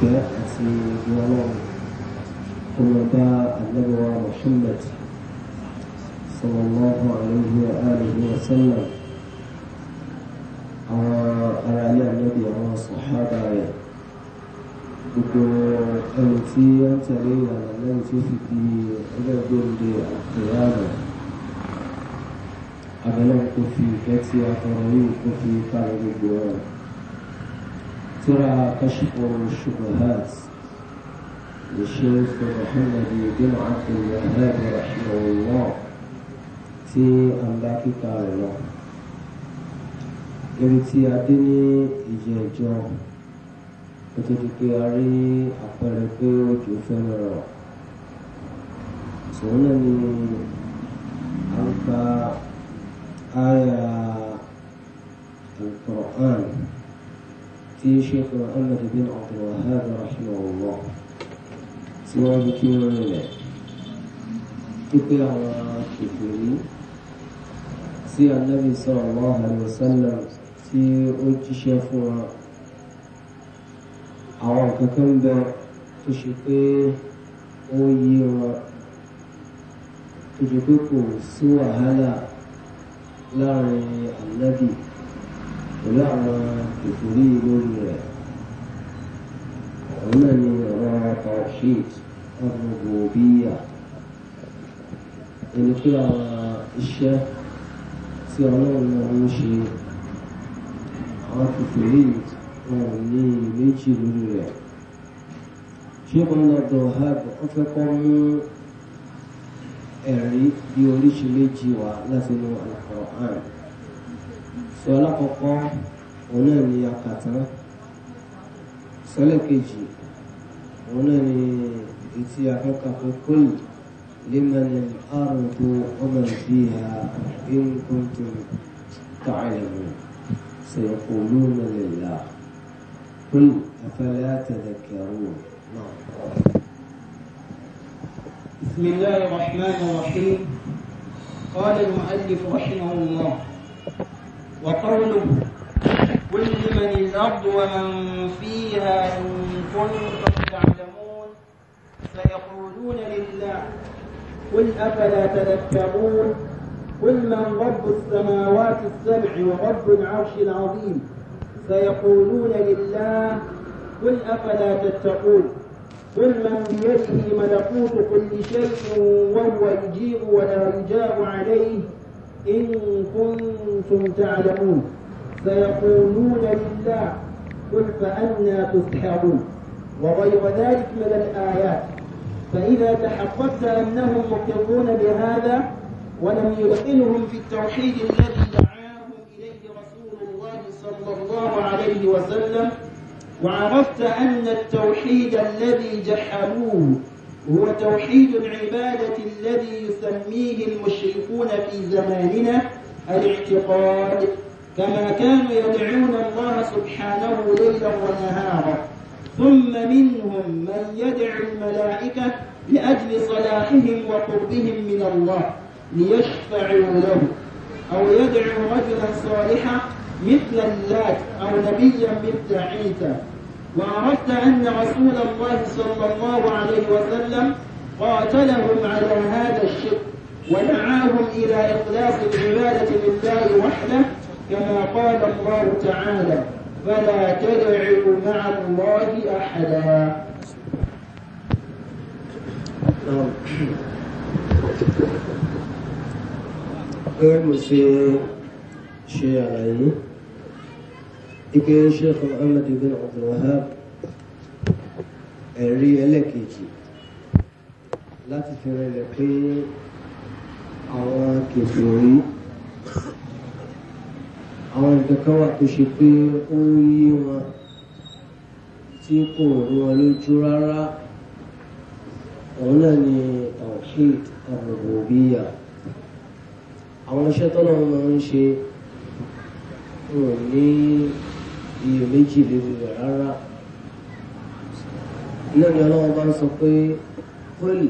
كنفسي ونومي قرباء النبوة محمد صلى الله عليه وآله وسلم على النبي والصحابة gbogbo ẹni tí ó ń tẹ̀lé ìlànà lẹ́yìn tí ó fi di ẹgbẹ́gbẹ́ndé àkèyàmù abẹ́lẹ́ kò fi ìfẹ́ tí a tọrọ yìí kò fi kárí gbogbo ọ̀rọ̀ بسرعة أشكر الشبهات للشيخ محمد بن عبد الوهاب رحمه الله في أملاك تعالى إبتي أدني إجاجو وتتكي أري أقلقي وتفنر سنني أنك آية tí sheikh muhammed bin abdulwahab rahimahullah tí wọ́n fi kí wọ́n rìnlẹ̀ pípé àwọn kìfìrí tí anabi sallallahu alaihi wasallam tí ó jíṣẹ́ fún wa àwọn kankan bẹ tó ṣe pé ó yí wọn tó ṣe pẹ̀lú àwọn ìfòrí lórí rẹ̀ òun náà ni ọ̀rọ̀ tawhid ar-rububiyyah ẹni pé àwọn iṣẹ́ tí ọlọ́run náà ń ṣe àwọn ìfòrí wọn ò ní méjì lórí rẹ̀ ṣé wọn lọ dọ̀ ọ̀háàbò ó fẹ́ kọ́ mú ẹ̀rí bí oríṣi méjì wá láti inú Al-Qur'an àrùn. sọ alákọ̀ọ́kọ́ òun náà ni akàtà sọlẹ̀ kejì òun náà ni èyí لمن الأرض ومن فيها إن كنتم تعلمون سيقولون لله قل أفلا تذكرون نعم بسم الله الرحمن الرحيم قال المؤلف رحمه الله وقوله قل لمن الأرض ومن فيها إن كنتم تعلمون سيقولون لله قل أفلا تذكرون قل من رب السماوات السبع ورب العرش العظيم سيقولون لله قل أفلا تتقون قل من بيده ملكوت كل شيء وهو يجيب ولا يجاب عليه إن كنتم تعلمون سيقولون لله قل فأنا تسحرون وغير ذلك من الآيات فإذا تحققت أنهم مقرون بهذا ولم يؤمنهم في التوحيد الذي دعاهم إليه رسول الله صلى الله عليه وسلم وعرفت أن التوحيد الذي جحدوه هو توحيد العبادة الذي يسميه المشركون في زماننا الاعتقاد كما كانوا يدعون الله سبحانه ليلا ونهارا ثم منهم من يدعو الملائكة لأجل صلاحهم وقربهم من الله ليشفعوا له أو يدعو رجلا صالحا مثل اللات أو نبيا مثل عيسى وعرفت أن رسول الله صلى الله عليه وسلم قاتلهم على هذا الشق ودعاهم إلى إخلاص العبادة لله وحده كما قال الله تعالى فلا تدعوا مع الله أحدا ẹ mo ṣe ike sheikh muhammad ibn abdulwahab ẹ̀rí ẹlẹ́kejì láti fi rẹlẹ̀ pé àwọn kèfèrí àwọn ìkankan wà tó ṣe pé ó yé wọn tí kò rú wọn lójú rárá òun náà ni tawhid ar àwọn iṣẹ́ tọ́lọ́run ń ṣe wọn ní iyèméjì léwu rẹ̀ rárá náà ni ọlọ́run bá ń sọ pé kólì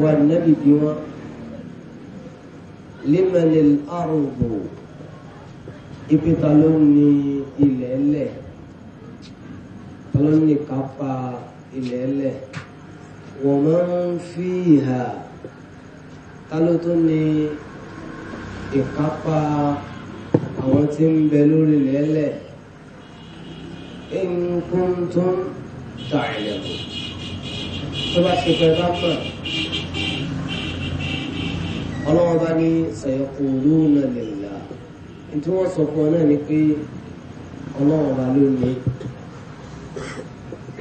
wà nẹ́bí bí wọ́n límẹ̀lẹ̀ àrùbò ìpìtà ló ní ilẹ̀ ẹlẹ̀ ló ní kápá ilẹ̀ ẹlẹ̀ wọ́n máa ń fi ìhà ta ló tó ní ìkápá àwọn tí ń bẹ lórí ilẹ̀ ẹlẹ̀. إن كنتم تعلمون طبعا كتابنا ọlọ́wọ́ bá ní sayaquluna lillah tí wọ́n sọ fún ọ náà ni pé ọlọ́wọ́ bá ló ní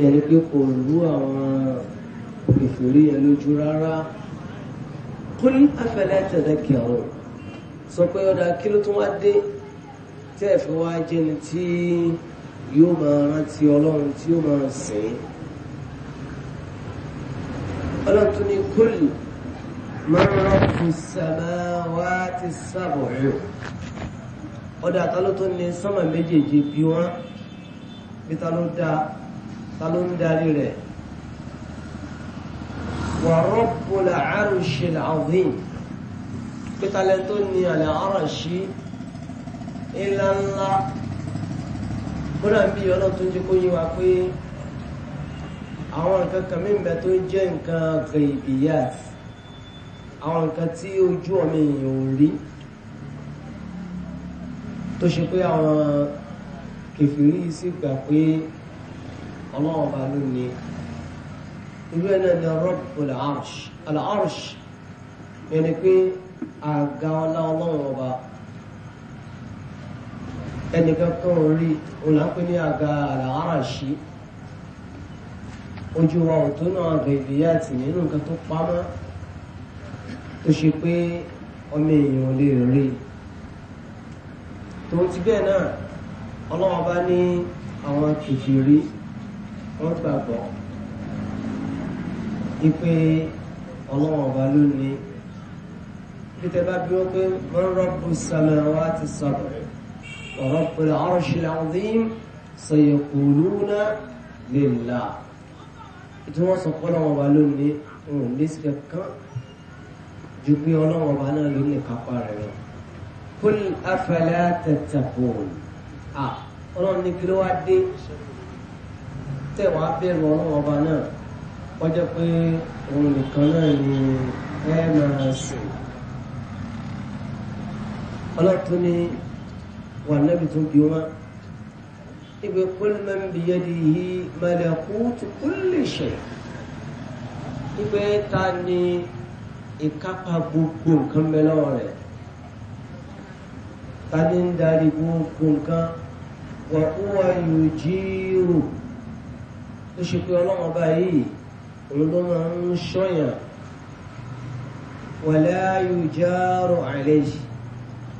ẹni pé kò rú àwọn ìfòrí yẹn lójú rárá qul afala tadhakkarun sọ pé ọ̀dà kí ló tún wá dé tẹ́ẹ̀ fi wá jẹ́ni tí yóò máa rántí ọlọ́run tí yóò máa sìn ọlọ́run tó ní kúlì máa ń rọ́pù sàmáwá ti sábọ̀ rẹ̀ ọ̀dà ta ló tó ní sánmà méjèèjì bí wọ́n bí ta ń darí rẹ̀ wà rọ́pù làárù ṣe làwọn pé ní àlẹ́ ọ̀rọ̀ sí ńláńlá kódà bí ọlọ́run tó ń jẹ́ kó yé wa pé àwọn nǹkan kan mìíràn tó jẹ́ nǹkan ghaibiyat àwọn nǹkan tí ojú ọmọ èèyàn ò rí tó ṣe pé àwọn kẹfìrí sì gbà pé ọlọ́run ọba ló ní irú ẹ̀ náà ni Rabbul Arsh Al-Arsh yẹn ni pé àga ọlá ọlọ́run ọba ẹnìkan kan ò rí òun là ń pè ní àga àràáràṣí ojú wa ò tó náà àgbà ìbíyà tì nínú nǹkan tó pamọ́ tó ṣe pé ọmọ èèyàn ò lè rí tòun ti bẹ́ẹ̀ náà ọlọ́wọ́n bá ní àwọn kìfìrí wọ́n gbàgbọ́ ipe ọlọ́wọ́n ọba ló ní títẹ bá bí wọ́n pé wọ́n rọ́pù sàmì àwọn àti sọ̀rọ̀. رب العرش العظيم سيقولون لله ìtí wọ́n sọ pé ọlọ́wọ́n ọba ló ní òun ní sí kankan ju pé ọlọ́wọ́n ọba náà ló ní kápá rẹ̀ lọ. kul afala tattaqun à ọlọ́run ní kí ló wá dé tẹ̀wá bẹ̀rù ọlọ́wọ́n ọba náà wọ́n pé òun nìkan náà ni ẹ máa sìn. ọlọ́tún ní wà nábì tún bí wọn ibi kúlmọ̀ ń bi yẹ́dì yìí malakutu kulli shay ibẹ̀ ta ni ìkápá gbogbo nǹkan mẹ́lọ́ rẹ̀ ta ni ń darí gbogbo nǹkan wà huwa yujiru ó ṣe pé ọlọ́run ọba yìí òun ló máa ń ṣọ́yàn wala yujaru alayhi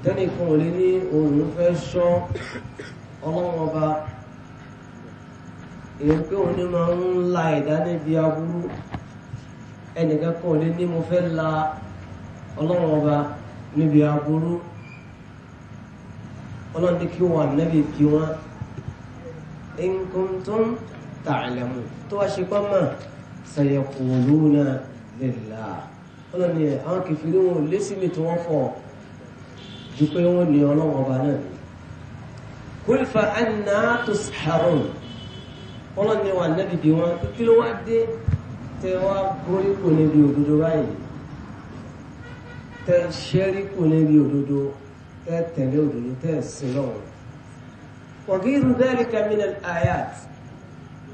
tẹ́nìkan ò lè ní òun fẹ́ ṣọ́ ọlọ́wọ́n ọba èyàn pé òun ní máa ń la ẹ̀dá níbi aburú ẹnìkan kan ò lè ní mo fẹ́ la ọlọ́wọ́n ọba níbi aburú ọlọ́run ní kí wọ́n ànábì kí wọ́n in kuntum ta'lamun tó wá ṣe pọ́nmọ́ sayaquluna lillah ọlọ́run ní àwọn kìfìrí wọn lé sí mi tí wọ́n fọ́ ju pé wọ́n ní ọlọ́wọ́ ọba náà ni qul fa anna tusharun ọlọ́ni wa nẹ́bi bí wọn kí ló wá dé tẹ wá borí kò níbi òdodo báyìí tẹ ṣẹ́rí kò níbi òdodo tẹ tẹ̀lé òdodo tẹ sí lọ́wọ́ وغير ذلك من الآيات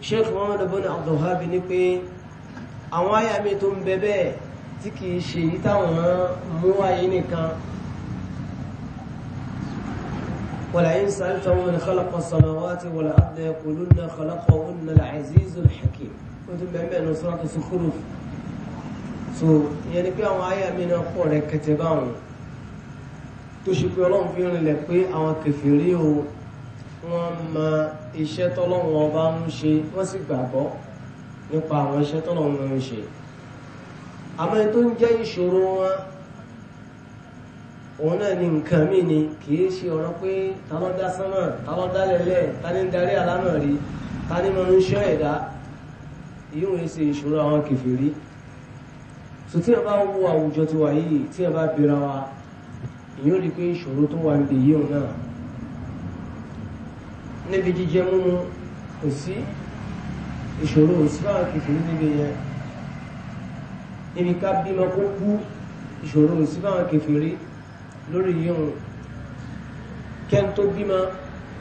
sheikh muhammad ibn abdulhabi ní pé àwọn àyà mi tó ń bẹ bẹ́ẹ̀ tí kìí ṣe yí táwọn mú wáyé nìkan ولئن سألتهم من خلق السماوات والأرض يقولون خلقهن العزيز الحكيم وتم بأمين سورة الزخرف so يعني كي أو آية من أقول كتبان تشكو لهم في لقي أو كفريو وما iṣẹ́ tọ́lọ́wọ́n ọba ń ṣe wọ́n sì gbàgbọ́ nípa àwọn iṣẹ́ tọ́lọ́wọ́n ń ṣe àmọ́ tó ń jẹ́ ìṣòro wọn òun náà ni nǹkan mí ni kì í ṣe ọ̀rọ̀ pé ta ló dá sánmà ta ló dá lẹ́lẹ̀ ta ní darí àlámọ̀ rí ta ní mọ̀ ń ṣọ́ ẹ̀dá yíò ṣe ìṣòro àwọn kèfèrí so tí ẹ bá wo àwùjọ ti wà yìí tí ẹ bá bira wa ìyóò rí pé ìṣòro tó wà níbi yíò náà níbi jíjẹ múmu kò sí ìṣòro òsì fáwọn kèfèrí níbi yẹn níbi ká bímọ kó kú ìṣòro òsì fáwọn kèfèrí lórí yíyún kẹ́ni tó bímọ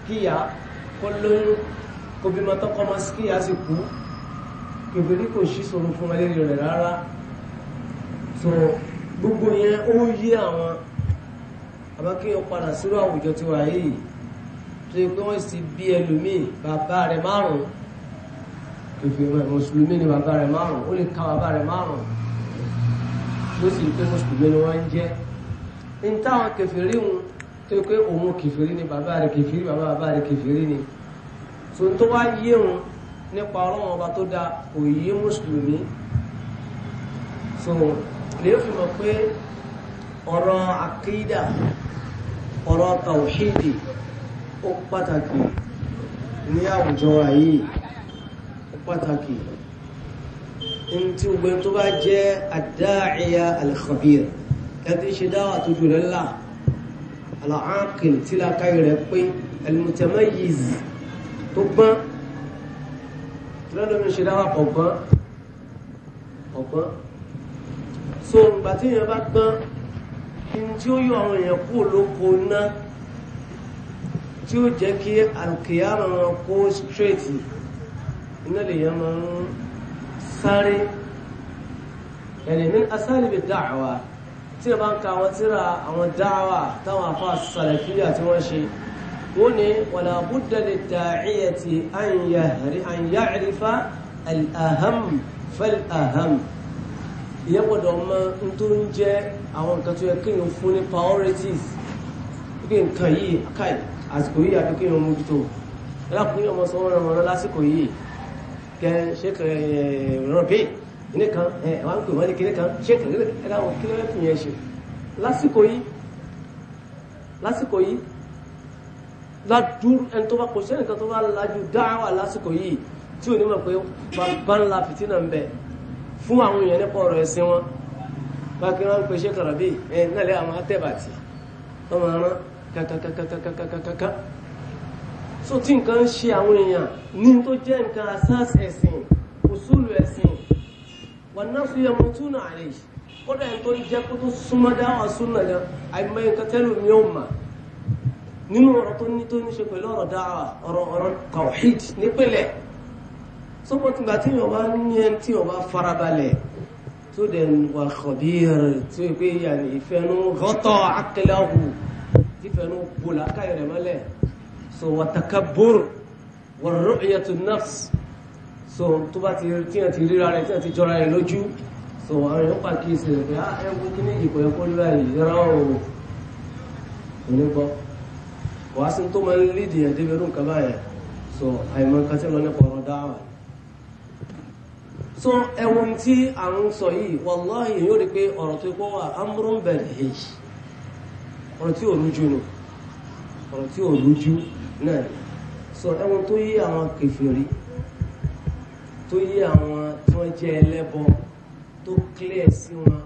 kíyà kó lóyún kó bímọ tọkọ ọmọ sí kíyà sì kú kèbèrè kò sí sọ̀rọ̀ fún ẹlẹ́rìí rẹ̀ rárá tó gbogbo yẹn ó yí àwọn àbákẹ́yọ̀ padà sírò àwùjọ tí wà yìí tó yẹ pé wọ́n sì bí ẹlòmíì bàbá rẹ̀ márùn-ún kèbèrè mùsùlùmí ni bàbá rẹ̀ márùn-ún ó lè ka bàbá rẹ̀ márùn-ún ló sì ń pé mùsùlùmí ni wọ́n ń jẹ́ ń táwọn kẹfìrí ń tó pé òun kẹfìrí ni bàbá rẹ̀ kẹfìrí bàbá bàbá rẹ̀ kẹfìrí ni tó ń tó wá yé wọn nípa ọlọ́run ọba tó da òye mùsùlùmí so lè fi mọ̀ pé ọ̀rọ̀ àkídà ọ̀rọ̀ tàwùhídì ó pàtàkì ní àwùjọ ayé ó pàtàkì ní tí tó bá jẹ́ àdáàríyà al ẹtí ṣe dáwà tó jù rẹ̀ ńlá aláàkìn tí lákàyè rẹ̀ pé al-mutamayyiz tó gbọ́n tìrẹ́lómi ṣe dáwà ọ̀gbọ́n ọ̀gbọ́n so ìgbà tí èèyàn bá gbọ́n ní tí ó yọ àwọn èèyàn kú olóko ná tí ó jẹ́ kí alkiyama wọn kó straight iná lèèyàn máa ń sáré ẹ̀lẹ́mí asáàlì bi da'wa tí ẹ bá ń ka àwọn tíra àwọn dáwà táwọn afá sàlẹ̀fíyà tí wọ́n ṣe ó ní wala budda lid da'iyati an ya'rifa al-aham fal-aham ìyẹn gbọ́dọ̀ mọ n tó ń jẹ́ àwọn nǹkan tó yẹ kí n fún ní priorities pé nǹkan yìí káì àsìkò yìí àbí kí n mójútó ẹlẹ́kùnrin ọmọ sọ́wọ́n rẹ̀ mọ́ lásìkò yìí kẹ́ ṣe kẹ́ rọ̀bì kíní kan ẹ wà ń pè wọ́n ní kíní kan ṣé kìlọ́ ẹ dáhùn kí ló ń fi yẹn ṣe lásìkò yìí lásìkò yìí ládùú ẹni tó bá kò sẹ́ni kan tó bá lajú dáhà lásìkò yìí tí ò ní mọ̀ pé bá ń la fìtínà ń bẹ fún àwọn èèyàn nípa ọ̀rọ̀ ẹ̀sìn wọn bá kí wọ́n pe ṣékà rọ̀bì ẹ̀ náà lé àwọn atẹ́bàtì wọ́n máa rán kàkàkàkàkàkàkàkà so tí nǹkan ń ṣe àwọn èèyàn ní tó jẹ́ nǹkan asas ẹ̀sìn òṣùlù ẹ̀sìn wọn náà fi ẹmu tún náà rè kódà ẹni tó jẹ́ kó tó súnmọ́ dáhùn súnà gan àìmọ̀ nǹkan tẹ́lẹ̀ mi ò mà nínú ọ̀rọ̀ tó ní tó ní ṣe pẹ̀lú ọ̀rọ̀ dáhà ọ̀rọ̀ ọ̀rọ̀ tawhid nípìnlẹ̀ sọ́kò tìgbà tí yóò bá ní ẹni tí yóò bá farabalẹ̀ tó dẹ̀ wà khabir tí yóò pé yàrá ìfẹ́nu rọ́tọ̀ akẹ́lẹ́hù ìfẹ́nu bò lákàyẹ̀rẹ̀ mọ́lẹ̀ so wàtàkàbùr wàrúùyàtù nafs so tó bá ti tíyàn ti ríra rẹ̀ tíyàn ti jọra rẹ̀ lójú so àwọn èèyàn pàkíyèsí rẹ̀ pé á ẹwú kí ní ìkò ẹ̀kọ́ lóra ìyẹ́ra òun onígbọ́ wàá sí tó máa ń lídìí ẹ̀ débi ọdún kan báyẹn so àìmọ̀ nǹkan tí lọ nípa dáhùn so ẹwọ́n tí à ń sọ yìí wàláhì yóò rí pé ọ̀rọ̀ tó kọ́ wà amúrún bẹ̀rẹ̀ èyí ọ̀rọ̀ tí ò rújú nù ọ̀rọ̀ tí ò rújú náà so ẹwọ́n tó yí àwọn kèfèrí tó yé àwọn tí wọ́n jẹ́ ẹlẹ́bọ tó clear sí wọn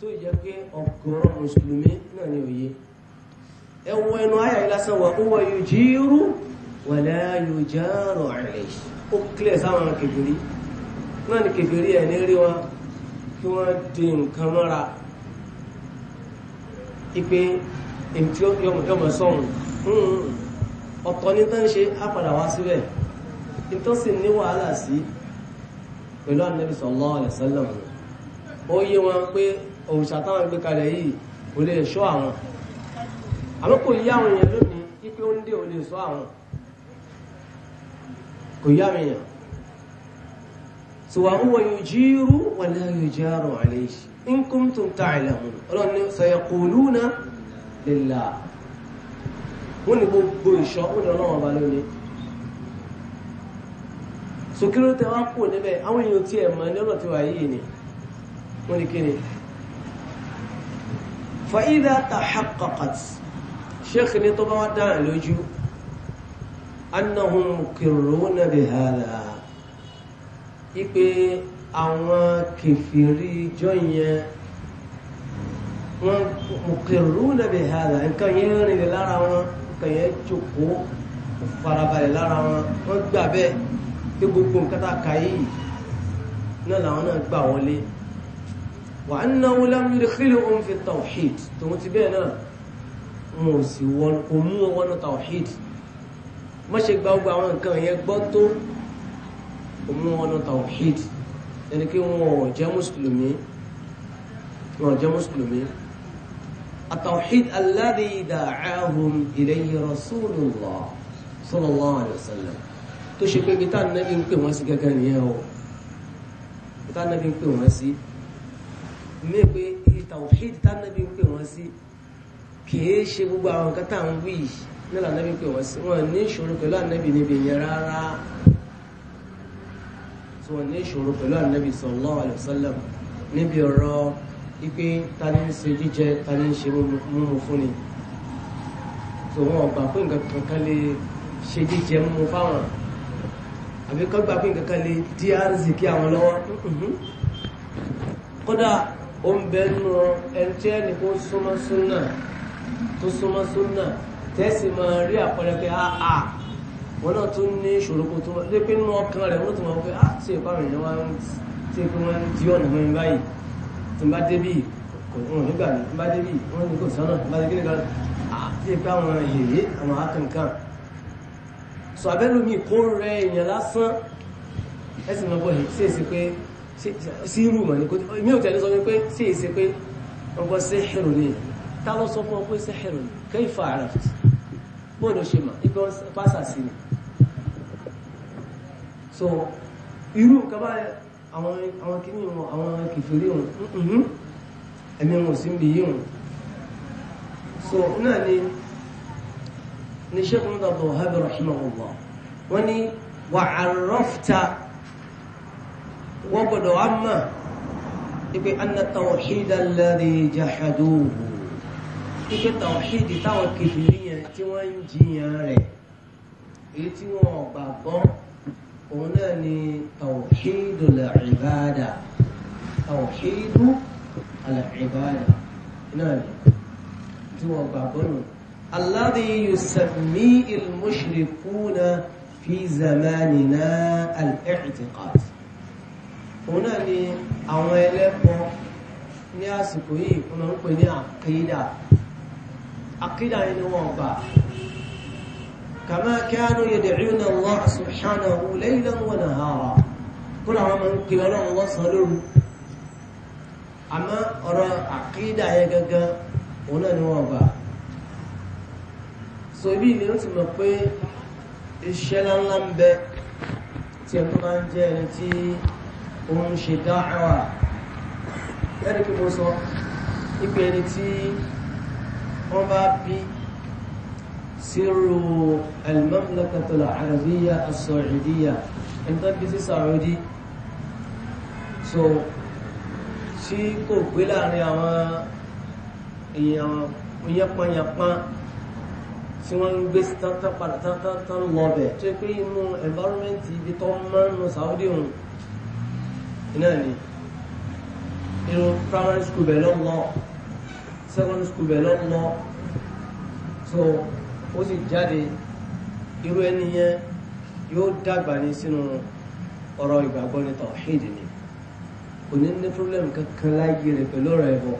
tó yẹ pé ọ̀gọ̀rọ̀ mùsùlùmí náà ni òye ẹ wo ẹnu ayà yìí lásán wà huwa yujiru wala yujaru alayhi ó clear sáwọn kèfèrí náà ni kèfèrí ẹ̀ ní rí wọn kí wọ́n di nǹkan mọ́ra ipe èyí tí yọmọ sọ̀rùn hmm. ọ̀tọ̀ ní tán ṣe á padà wá síbẹ̀ ìtọ́sí ní wàhálà sí pẹ̀lú ànábì sallallahu alaihi wasallam ó yé wọn pé òòṣà táwọn gbé kalẹ̀ yìí kò lè ṣọ́ àwọn àmọ́ kò yá àwọn èèyàn lónìí ipe ó ń dé ò lè ṣọ́ àwọn kò yá àwọn èèyàn tí wà huwa yujiru wa la yujaru alayhi in kuntum ta'lamun ọlọ́run ní sayaquluna lillah wọ́n ní gbogbo ìṣọ́ ó ní ọlọ́run ọba lónìí so kí ló tẹ wá kú níbẹ̀ àwọn èèyàn tí ẹ̀ mọ̀ ní ọ̀nà tí wà yìí ni wọ́n ní kí ni fa idha tahaqqaqat sheikh ni tó bá wá dáhàn lójú annahum muqirruna bi hadha ipe àwọn kẹfìrí ìjọ wọn muqirruna bi hadha nǹkan yẹn rìn lára wọn nǹkan yẹn jòkó farabalẹ̀ lára wọn wọn gbà bẹ́ẹ̀ pé gbogbo nǹkan tá a kà yìí náà làwọn náà gbà wọlé wà á náwó lámúlé kílò òun fi tawhid tòun ti bẹ́ẹ̀ náà mo sì wọn kò mú wọnú tawhid má ṣe gba gbogbo àwọn nǹkan yẹn gbọ́ tó kò mú wọnú tawhid ẹni pé wọn jẹ́ mùsùlùmí wọn jẹ́ mùsùlùmí التوحيد الذي دعاهم إليه رسول الله صلى الله عليه وسلم tó ṣe pé gita nẹ́bí ń pè wọ́n sí gẹ́gẹ́ nìyẹn o gita nẹ́bí ń pè wọ́n sí mí pé tawhid tá nẹ́bí ń pè wọ́n sí kìí ṣe gbogbo àwọn nǹkan tá à ń wí nílà nẹ́bí ń pè wọ́n sí wọn ní ìṣòro pẹ̀lú ànẹ́bí níbi yẹn rárá tí wọn ní ìṣòro pẹ̀lú ànẹ́bí sallallahu alaihi wasallam níbi ọ̀rọ̀ ipe ta ní ń ṣe jíjẹ ta ní ń ṣe mímu fún ni tí wọn ọgbà pé nǹkan kankan lè ṣe jíjẹ mímu fáwọn àbí kọ́ gbà pé kankan lè dí àrísìkí àwọn lọ́wọ́ mhm. kódà ó ń bẹ nù ẹni tí ẹni kó súnmọ́ súnà tó súnmọ́ súnà tẹ́sí máa rí àpẹẹrẹ pé àà ah, ah. wọn náà tún ní ìṣòro kó tó lé pé nínú ọkàn rẹ̀ wọ́n tó máa pé àà ah, tí ìpàrọ̀ èèyàn wá ń tí pé wọ́n ń di ọ̀nà mọ́ mi báyìí tí n bá débì kò wọn nígbà mi tí n bá débì wọ́n ní kò sọ́nà tí n bá débì nígbà tí ìpàrọ̀ èèyàn àwọn akẹ́kọ̀ọ́ sọ abẹ́lómi kó rẹ èèyàn lásán ẹ̀sìn mọ́ bọ́ yìí sí èsì pé sí irú mọ̀ ní kó mi ò tẹ̀lé sọ pé sí èsì pé ọgbọ́ sí ẹ̀rù ni ta ló sọ fún ọ pé sí ẹ̀rù ni kayfa araft bóò ló ṣe mà ibi wọn pásà sí ni so irú nǹkan bá àwọn kìíní wọn àwọn kìfìrí wọn mm-hmm, ẹ̀mí wọn sí ń bi yí wọn so náà ni ni sheikh muhammad abdulwahab rahimahullah wọ́n ní wà àrọ́fta wọ́n gbọ́dọ̀ wá mọ̀ ipe anna tawhid alladhi jahaduhu ipe tawhid táwọn kìfìrí yẹn tí wọ́n ń jiyàn rẹ̀ èyí tí ni tawhid al-ibada tawhid al-ibada náà ni tí الذي yusammi al في زماننا الاعتقاد. هنا itiqad òun náà ni àwọn ẹlẹ́pọ̀ ní àsìkò yìí wọ́n máa ń pè ní àkídà àkídà yìí ni wọ́n gbà kama kanu yad'una Allah subhanahu laylan wa nahara kúrò àwọn máa ń pè ọlọ́run wọ́n sọ lóru àmọ́ ọ̀rọ̀ àkídà ni wọ́n gbà so ibi ni ó ti mọ̀ pé iṣẹ́ ńláńlá ń bẹ tí ẹni tó bá ń jẹ́ ẹni tí òun ṣe dáhàwà lẹ́nu kí mo sọ ipe ẹni tí wọ́n bá bí sírò al-mamlakatul arabiyya as sí Saudi so tí kò gbé láàrin àwọn èèyàn yẹpọnyẹpọn tí wọ́n ń gbé tán padà tán lọ́bẹ̀ tó pé inú environment ibi tó máa ń nu Saudi òun iná ni inú primary school bẹ̀ lọ́ lọ secondary school bẹ̀ lọ́ lọ so ó sì jáde irú ẹni yẹn yóò dàgbà ní sínú ọ̀rọ̀ ìgbàgbọ́ ní tawhid ni kò ní ní problem kankan láyé rẹ̀ pẹ̀lú ọ̀rọ̀ ẹ̀bọ̀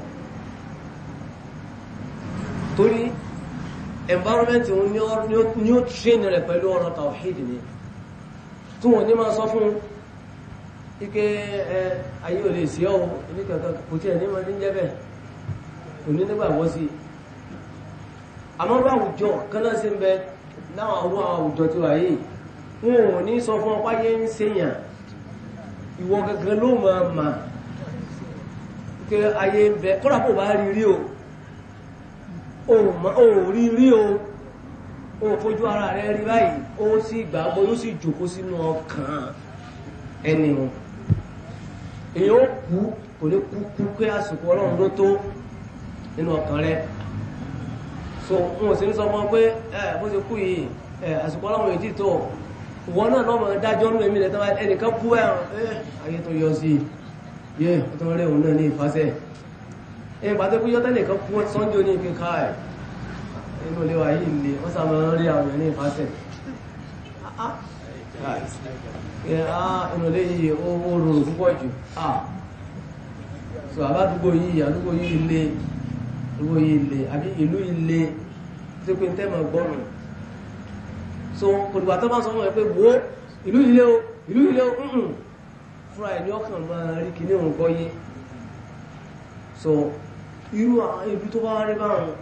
torí environment ní ó train rẹ̀ pẹ̀lú ọ̀rọ̀ tawhid ni tí wọ́n ní máa sọ fún ike ayé ò lè sí ọ́ ní kankan kò tí ẹ̀ ní máa ní jẹ́ bẹ́ẹ̀ kò ní nígbàgbọ́ sí àmọ́ bá àwùjọ kanáà sí ń bẹ láwọn àwọn àwùjọ tí wà yìí wọn ò ní sọ fún ọpá yẹn ń sèyàn ìwọ gangan ló máa mà pé ayé ń bẹ kọ́ra kò bá rí rí o òrí rí o o fojú ara rẹ rí báyìí ó sì gbàgbọ́ yóò sì jòkó sínú ọkàn ẹni o èyí ó kú kò lè kú kú pé àsìkò ọlọ́run ló tó nínú ọkàn rẹ so wọn ò sì ń sọ fún ọ pé ẹ bó ṣe kú yìí ẹ àsìkò ọlọ́run yìí ti tó wọn náà lọ́mọ dájọ́ ní èmi lẹ́tọ́ ẹnìkan kú ẹ̀rùn ẹ ayé tó yọ sí i yé ọtọ́ rẹ òun náà ní ìfàsẹ́ ẹ pàtó pé yọ́tẹ́lẹ̀ kan fún sọ́njọ́ ní ìpín káà ẹ̀ inú ilé wa yìí lè wọ́n sàmọ́ rí àwọn ẹ̀rí ìfásẹ̀ inú ilé yìí ó rọrùn púpọ̀ so àbádúgbò yìí àdúgbò yìí lè àdúgbò yìí lè àbí ìlú yìí lè tí pé tẹ́mọ̀ so olùgbà tó bá sọ fún ẹ pé wo ìlú yìí lé o ìlú yìí lé o fúnra ẹ̀ ní so irú ibi tó bá rí báwọn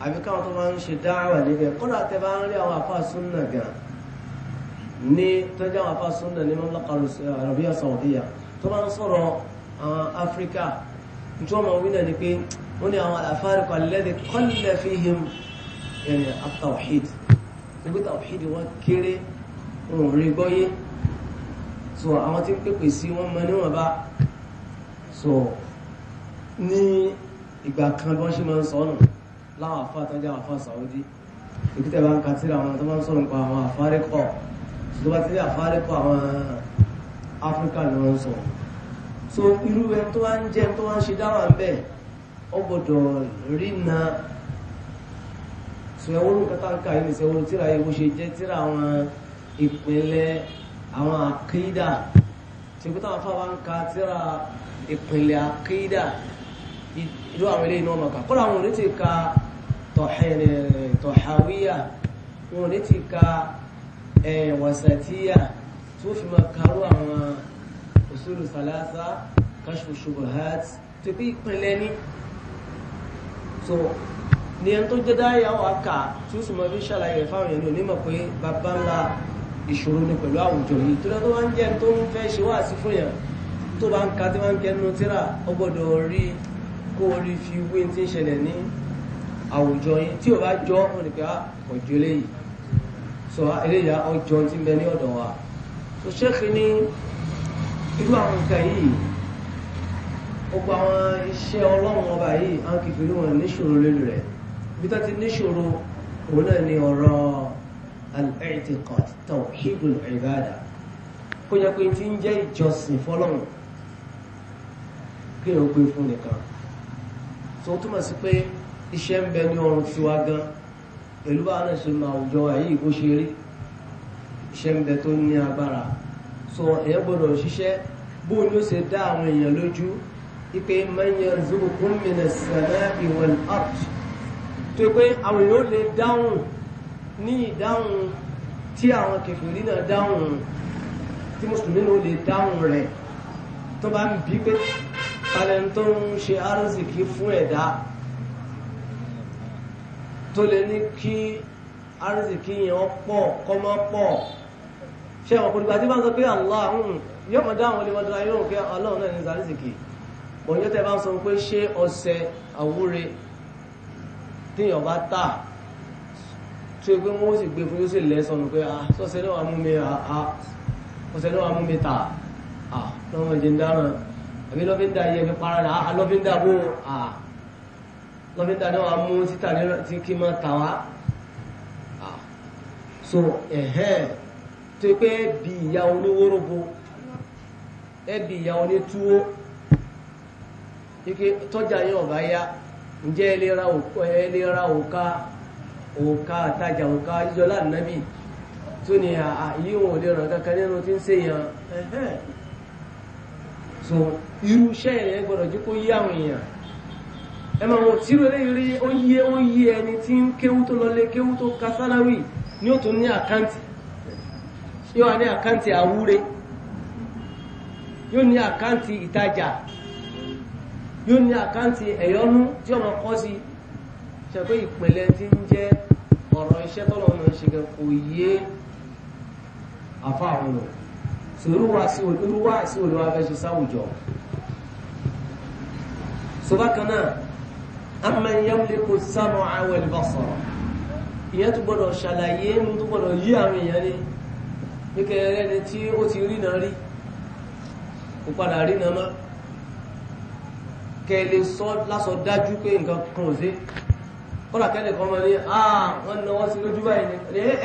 àbí káwọn tó máa ń ṣe dáhàwà níbẹ̀ kódà tẹ bá ń rí àwọn àfa súnà gan ní tọ́jú àwọn àfa súnà ní mamlaka e, Arabia Saudiya tó bá ń sọ̀rọ̀ àwọn Áfíríkà tí wọ́n máa wí náà ni pé wọ́n ní àwọn al-afariqa alladhi qalla fihim at-tawhid ìgbé tawhid wọn kéré wọn ò rí gbọ́yé so àwọn tí ń pèpè sí wọn mọ níwọ̀nba so ní ìgbà kan bí wọ́n ṣe máa ń sọ nù láwọn àfa tó ń jẹ́ àfa sàwọ́dí èkútẹ́ bá ń ka tíra àwọn tó máa ń sọ̀rọ̀ nípa àwọn àfárẹ́kọ̀ tó bá ti rí àfárẹ́kọ̀ àwọn áfíríkà ni wọ́n ń sọ so irú ẹ tó wá ń jẹ tó wá ń ṣe dáwà ń bẹ̀ ọ gbọ́dọ̀ rí na sọ ẹwọ́n kátà ń ka yìí nìṣẹ́ wọ́n tíra yìí wọ́n ṣe jẹ́ tíra àwọn ìpínlẹ̀ àwọn àkídà ṣèkútà àfa wa ń ka tíra ìpínlẹ̀ àkídà ìlú àwọn ilé iná ọmọkà kọ́lá àwọn òní ti ka tọ̀hàwíyà wọn òní ti ka wàsàtíyà tó fi máa karú àwọn òṣèlú sàlásà kashfu shubuhat tó bí ìpínlẹ̀ ní so ní ẹni tó jẹ́ dáyà wà ká tí ó sì mọ bí ṣàlàyé fáwọn èèyàn onímọ̀ pé bàbá ńlá ìṣòro ni pẹ̀lú àwùjọ yìí tó lọ́tọ́ wá ń jẹ́ tó ń fẹ́ ṣe wá sí fún yàn tó bá ń ka tí wá ń kẹnu tíra ó rí kó orí fi wé tí ń ṣẹlẹ̀ ní àwùjọ yìí tí ò bá jọ wọn ni pé á ah, ọjọ́ eléyìí sọ ah, eléyìí ọjọ́ ah, tí ń bẹ ní ọ̀dọ̀ wa tó ṣẹ́kì ní irú àwọn nǹkan yìí gbogbo àwọn iṣẹ́ ọlọ́run ọba yìí àwọn kìfìrí wọn níṣòro lórí rẹ̀ bí tó ti níṣòro òun náà ni ọ̀rọ̀ al-i'tiqad tawhidul ibada kó yẹ pé tí ń jẹ́ ìjọsìn fọlọ́run kí ni ó gbé fún nìkan tó túmọ̀ sí pé iṣẹ́ ń bẹ ní ọrùn tiwa gan pẹ̀lú bá náà ṣe máa àwùjọ ẹ̀yìn bó ṣe rí iṣẹ́ ń bẹ tó ní agbára so èèyàn gbọ́dọ̀ ṣiṣẹ́ bó ni ó ṣe dá àwọn èèyàn lójú ipe mẹ́yẹ zurukun mina sẹ́lẹ̀ ìwọ̀n art tó pé àwọn èèyàn lè dáhùn ní ìdáhùn tí àwọn kẹfìrí náà dáhùn tí mùsùlùmí náà lè dáhùn rẹ̀ tó bá ń bí pé kálẹ̀ tó ń ṣe arzikí fún ẹ̀dá tó lè ní kí arzikí yẹn pọ̀ kọ́mọ́ pọ̀ ṣe àwọn òkúrùgbà tí bá sọ pé Allah hmm, yóò mọ̀ dáhùn olè mọ́tò ayé òun pé ọlọ́run náà ní arzikí òyìn tẹ́ bá ń sọ pé ṣé ọṣẹ àwúre tíyàn bá tà tí ó pé wọ́n sì gbé fún yóò sì lẹ́sọ̀nù pé ah sọ́sẹ̀ náà wà mú mi tà ah, lọ́wọ́ ìjìndáràn a bi lɔbidi da ɛyai bi kpara lɔbidi da bi aa lɔbidi da ɔ muusitali n'otu kima tawa aa so ehem to i k'e bi ya ɔ ni worobo e bi ya ɔ ni tuwo i k'i tɔja ya ɔ baa ya n je elera o e elera o ka o ka taja o ka nabi so a yi o elera ka ka na n'otu n se ya so irú iṣẹ́ yẹn gbọ́dọ̀ jẹ́ kó yé àwọn èèyàn ẹ máa wọ tíró eléyìí rí ó yé ó yé ẹni tí ń kéwú tó lọlé kéwú tó ka sálárì ni ó tún ní àkáǹtì yóò wá ní àkáǹtì àwúre yóò ní àkáǹtì ìtajà yóò ní àkáǹtì ẹ̀yọ́nú tí ọmọ kọ́ sí ṣe pé ìpìlẹ̀ ti ń jẹ́ ọ̀rọ̀ iṣẹ́ tọ́lọ́mọ ṣe kò yé àfa àwọn ọ̀rọ̀ sòrúwà sí olúwà sí olúwa fẹ́ ṣe sáwùjọ so bákan náà amma yamliku as-sam'a wal-basara ìyẹn tó gbọ́dọ̀ ṣàlàyé ní tó gbọ́dọ̀ yí àwọn èèyàn ní níkẹrẹ ni tí ó ti rí náà rí kò padà rí náà mọ́ kẹ lè sọ lásọ dájú pé nǹkan kan ò sí kọ́lá kẹ́lẹ̀ kan mọ́ ní wọ́n náwọ́ sí lójú báyìí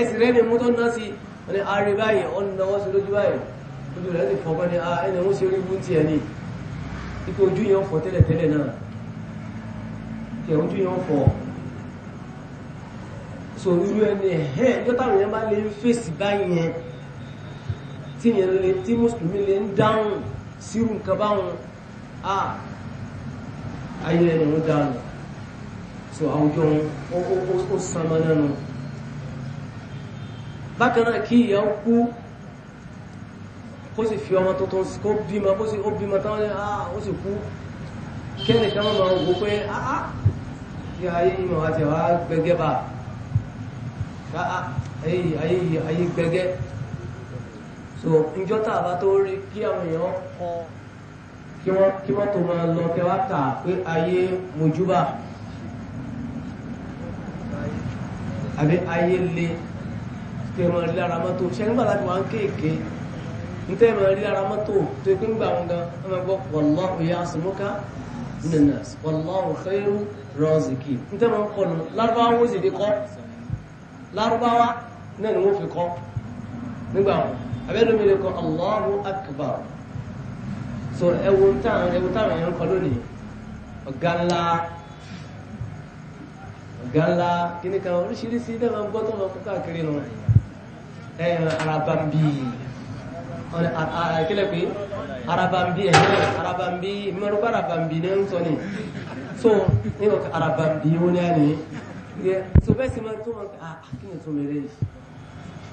ẹ̀sìn rẹ̀ ni mú tó ná sí wọ́n ní àárí báyìí wọ́n náwọ́ sí lójú báyìí ojú rẹ̀ ti fọ́ bá ní ẹni wọ́n ṣe orí bú ti ẹni ipò ojú yẹn fọ́ tẹ́lẹ̀ tẹ́lẹ̀ náà kí ojú yẹn fọ́ so irú ẹni ẹ̀hẹ́ yọ́tàwọn yẹn bá lè ń fèsì báyẹn tí yẹn lè tí mùsùlùmí lè ń dáhùn sírù nǹkan báwọn a ah, ayé ẹni wọ́n dáhùn so àwùjọ wọn ó sàmánà nù bákan náà kí ìyá kú kó sì fi ọmọ tuntun kó bímọ kó sì ó bímọ tán ní àá ah, ó sì kú kẹ́ni kan máa wò pé àá ah, ah. kí ayé ìmọ̀ àti ọ̀ gbẹgẹ́ bá ayé gbẹgẹ́ so njọ́ tá a bá tó rí kí àwọn èèyàn kọ kí wọ́n kí wọ́n tó máa lọ kí wọ́n kà pé ayé mojúbà àbí ayé le kí wọ́n lára mọ́tò ṣẹ́ńgbà láti wọ́n kéèké nítorí ẹ̀mọ̀ rí ara mọ́tò tó ikú ń gbà wọn gan ọmọ ẹgbọ́ wallahu ya'simuka minan nas wallahu khairu raziqin nítorí ẹ̀mọ̀ kọ́ nù lárúbáwá wọ́n sì fi kọ́ lárúbáwá náà ni wọ́n fi kọ́ nígbà wọn abẹ́rẹ́ mi lè kọ́ Allahu akbar so ẹwu táwọn ẹwu táwọn èèyàn kọ lónìí ọ̀gá ńlá ọ̀gá ńlá kíníkan oríṣiríṣi dẹ́gbẹ̀ẹ́ gbọ́tọ̀ lọ kó káàkiri nù ẹ̀yìn arabambii kílẹ̀ pé arabambi ẹ̀hẹ́ eh, eh, arabambi mẹ́rùbá arabambi ní ń sọ ni so ní ọkọ̀ arabambi ó ní àní so bẹ́ẹ̀ sì máa tó wọn kí kí ni tó mẹ́rẹ̀ yìí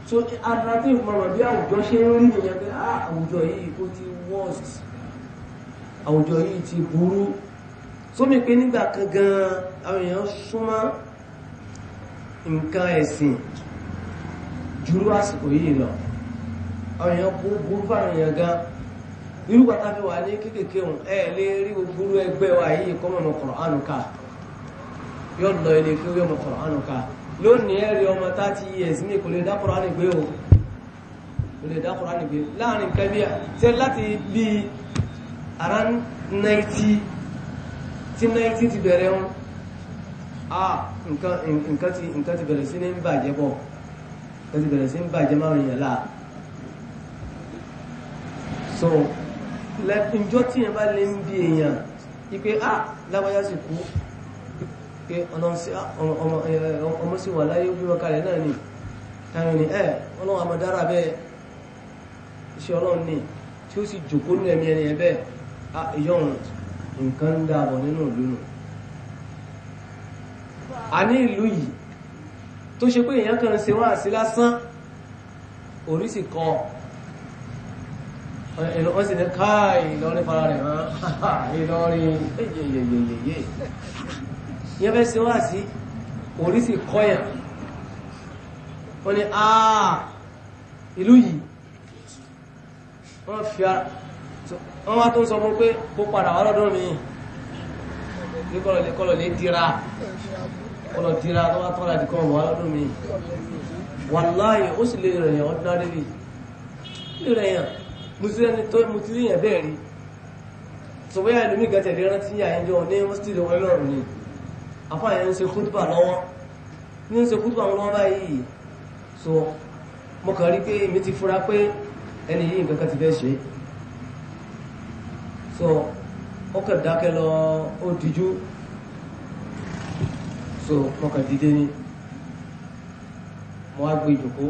so ara tí ìmọ̀ràn bí àwùjọ ṣe ń rí nìyẹn pé àwùjọ yìí ó ti worst àwùjọ yìí ti burú sómi pé nígbà kan gan àwọn èèyàn súnmọ́ nǹkan ẹ̀sìn jùlọ àsìkò yìí lọ àwọn èèyàn kó burú fáwọn èèyàn gan irú bàtà fi wà ní kékèké òun ẹ lè rí burú ẹgbẹ́ wa yìí kọ́ mọ̀mọ́ Kùránì ká yóò lọ ilé kí yóò mọ̀ Kùránì ká lónìí ẹ rí ọmọ tá ti yẹ sí ní kò lè dá Kùránì gbé o kò lè dá Kùránì gbé láàrin nǹkan bí ṣe láti bí around ninety tí ninety ti bẹ̀rẹ̀ wọn nǹkan ti bẹ̀rẹ̀ sí ní bàjẹ́ bọ̀ nǹkan ti bẹ̀rẹ̀ sí ní bàjẹ́ máa ń yẹ̀ láà so ǹjọ́ tí yẹn bá lè ń bí èèyàn ipé à ah, lábáyá sì kú pé ah, ọmọ sí wà láyé bí wọ́n kalẹ̀ náà ni tàbí ni ẹ̀ ọlọ́run àmàdára bẹ́ẹ̀ iṣẹ́ ọlọ́run ni tí ó sì jòkó ní ẹ̀mí ẹni ẹ̀bẹ́ ah, ìyọ̀rùn nǹkan ń dáàbọ̀ nínú ìlú nù a ní ìlú yìí tó ṣe pé èèyàn kan ṣe wá sí lásán orí sì kọ́ ọ wọ́n sì ní káàì lọ́rin fara rẹ̀ hàn ìlọrin yeyeyeyeye yẹn fẹ́ ṣe wá sí orí sì kọ́yàn wọ́n ní àà ìlú yìí wọ́n fi ara wọ́n wá tó ń sọ fún pé kó padà wá lọ́dún mi kọ́lọ̀ lè dira kọ́lọ̀ dira tó wá tọ́lá dìkọ́ wá lọ́dún mi wàláyé ó sì lè rẹ̀yàn ọdún adébí lè rẹ̀yàn mo ti rẹ́ni tó mo ti rí yẹn bẹ́ẹ̀ rí sọ̀bọ́ yà lómi gàtẹ̀ lè rántí àyẹjọ́ ní mọ́sítìlẹ̀ wọn lọ́rùn ni àfáàyẹ ń ṣe kútùbà lọ́wọ́ ní ń ṣe kútùbà lọ́wọ́ báyìí so mo kàn rí pé èmi ti fura pé ẹni yìí nǹkan kan ti fẹ́ ṣe so ó kàn dákẹ́ lọ ó dijú so mo kàn dìde ni mo wá gbé ìjòkó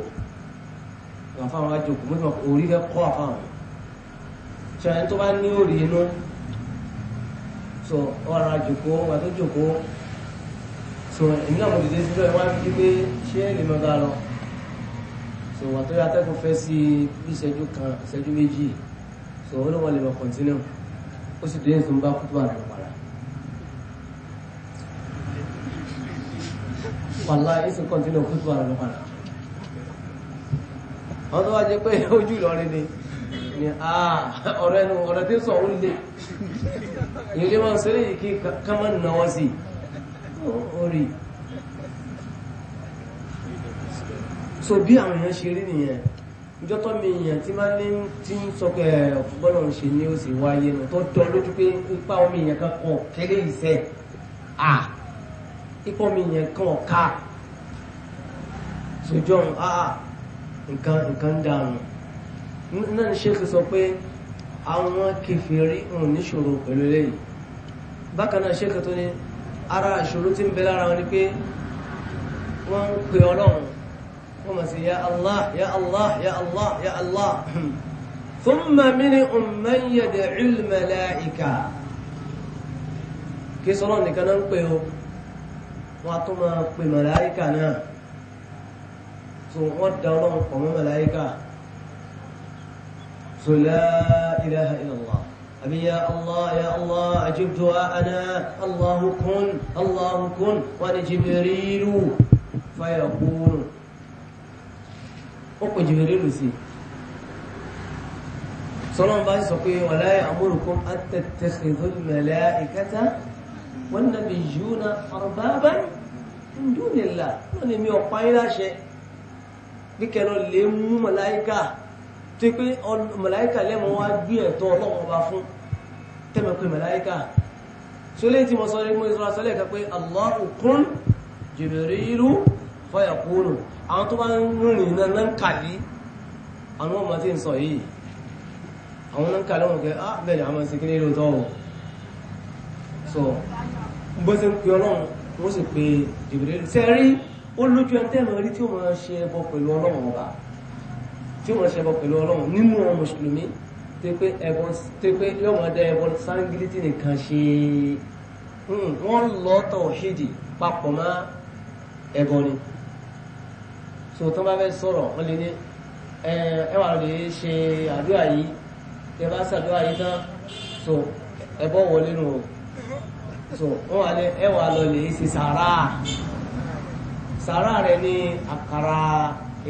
àfáàwọn àjòkó mo ti mọ̀ orí fẹ́ kọ́ àfáàwọn sọ ẹni tó bá ní òrì inú so ọ̀rọ̀ àjòkó wà tó jòkó so èmi náà mo dìde síbẹ̀ wá bí pé ṣé èlé mọ́ bá lọ so wà tó yà atẹ́kùn fẹ́ sí bí ìṣẹ́jú kan ìṣẹ́jú méjì so ó lóun lè mọ̀ kọ̀ntínú ó sì dé ìsúnbá kútó àrùn padà. wàlá ìsìn kọ̀ntínú kútó àrùn padà. wọ́n tó wá jẹ́ pé ojú Ìlọrin ni ní ah, ọ̀rẹ́ nu ọ̀rẹ́ tí sọ ń lè ilé wọn sẹ́lẹ̀ yìí kí kama nà wọ́n sí orí so bí àwọn èèyàn ṣe rí nìyẹn ìjọ tó mi èèyàn tí máa ní tí ń sọ pé bọ́lọ̀ ṣe ní ó sì wáyé nù tó dán lójú pé ipa omi èèyàn kan kọ̀ kéré ìṣe à ipa omi èèyàn kan ọ̀ka sojọ́ ah, ah, nǹkan nǹkan dànù náà ni sheikh sọ pé àwọn kèfèrí hàn níṣòro pẹ̀lú eléyìí bákan náà sheikh tó ní ara ìṣòro tí ń bẹ lára wọn ni pé wọ́n ń pè ọlọ́run wọ́n mọ̀ sí ya allah ya allah ya allah ya allah thumma minhum man yad'ul malaika kí sọ́lọ́ nìkan náà ń pè ó wọ́n tún máa pè màláíkà náà tó wọ́n da ọlọ́run pọ̀ mọ́ màláíkà so la ilaha illallah àbí ya allah ya allah àjẹbùtò àná allahu kun allahu kun wà ní jìbìrìlù fayakun ó pè jìbìrìlù sí sọlọ́n bá sọ pé wala ya'murukum an tattakhidhu al-mala'ikata wan-nabiyyuna arbaban min dunillah lónìí mi ọ̀pá yín láṣẹ tó pé màláíkà lẹ́mọ̀ wá gbé ẹ̀tọ́ ọlọ́wọ́ bá fún tẹ́mẹ̀ pé màláíkà so lè tí mo sọ lè mú ìsọ́ra sọ pé Allahu kun Jibrilu fayakunu àwọn tó bá ń rìn iná náà ń kàlí àwọn ọmọ tí ń sọ yìí àwọn ah, so bó ṣe ń pe ọlọ́run wọ́n sì pe Jibrilu sẹ́rí ó lójú ẹtẹ́ mọ̀ rí tí wọ́n ṣẹbọ pẹ̀lú ọlọ́run nínú àwọn mùsùlùmí tó pé ẹ̀bọn tó pé yóò wọ́n dá ẹ̀bọn sáńgílítì nìkan ṣe hmm, wọ́n lọ tọ̀hídì papọ̀ mọ́ ẹ̀bọn ni so tó bá fẹ́ sọ̀rọ̀ wọ́n lè ní ẹwà lè ṣe àdúrà yìí tẹ bá ṣàdúrà yìí tán so ẹ̀bọn wọlé nù so wọ́n wà ní ẹwà lọ lè ṣe sàrà sàrà rẹ ní àkàrà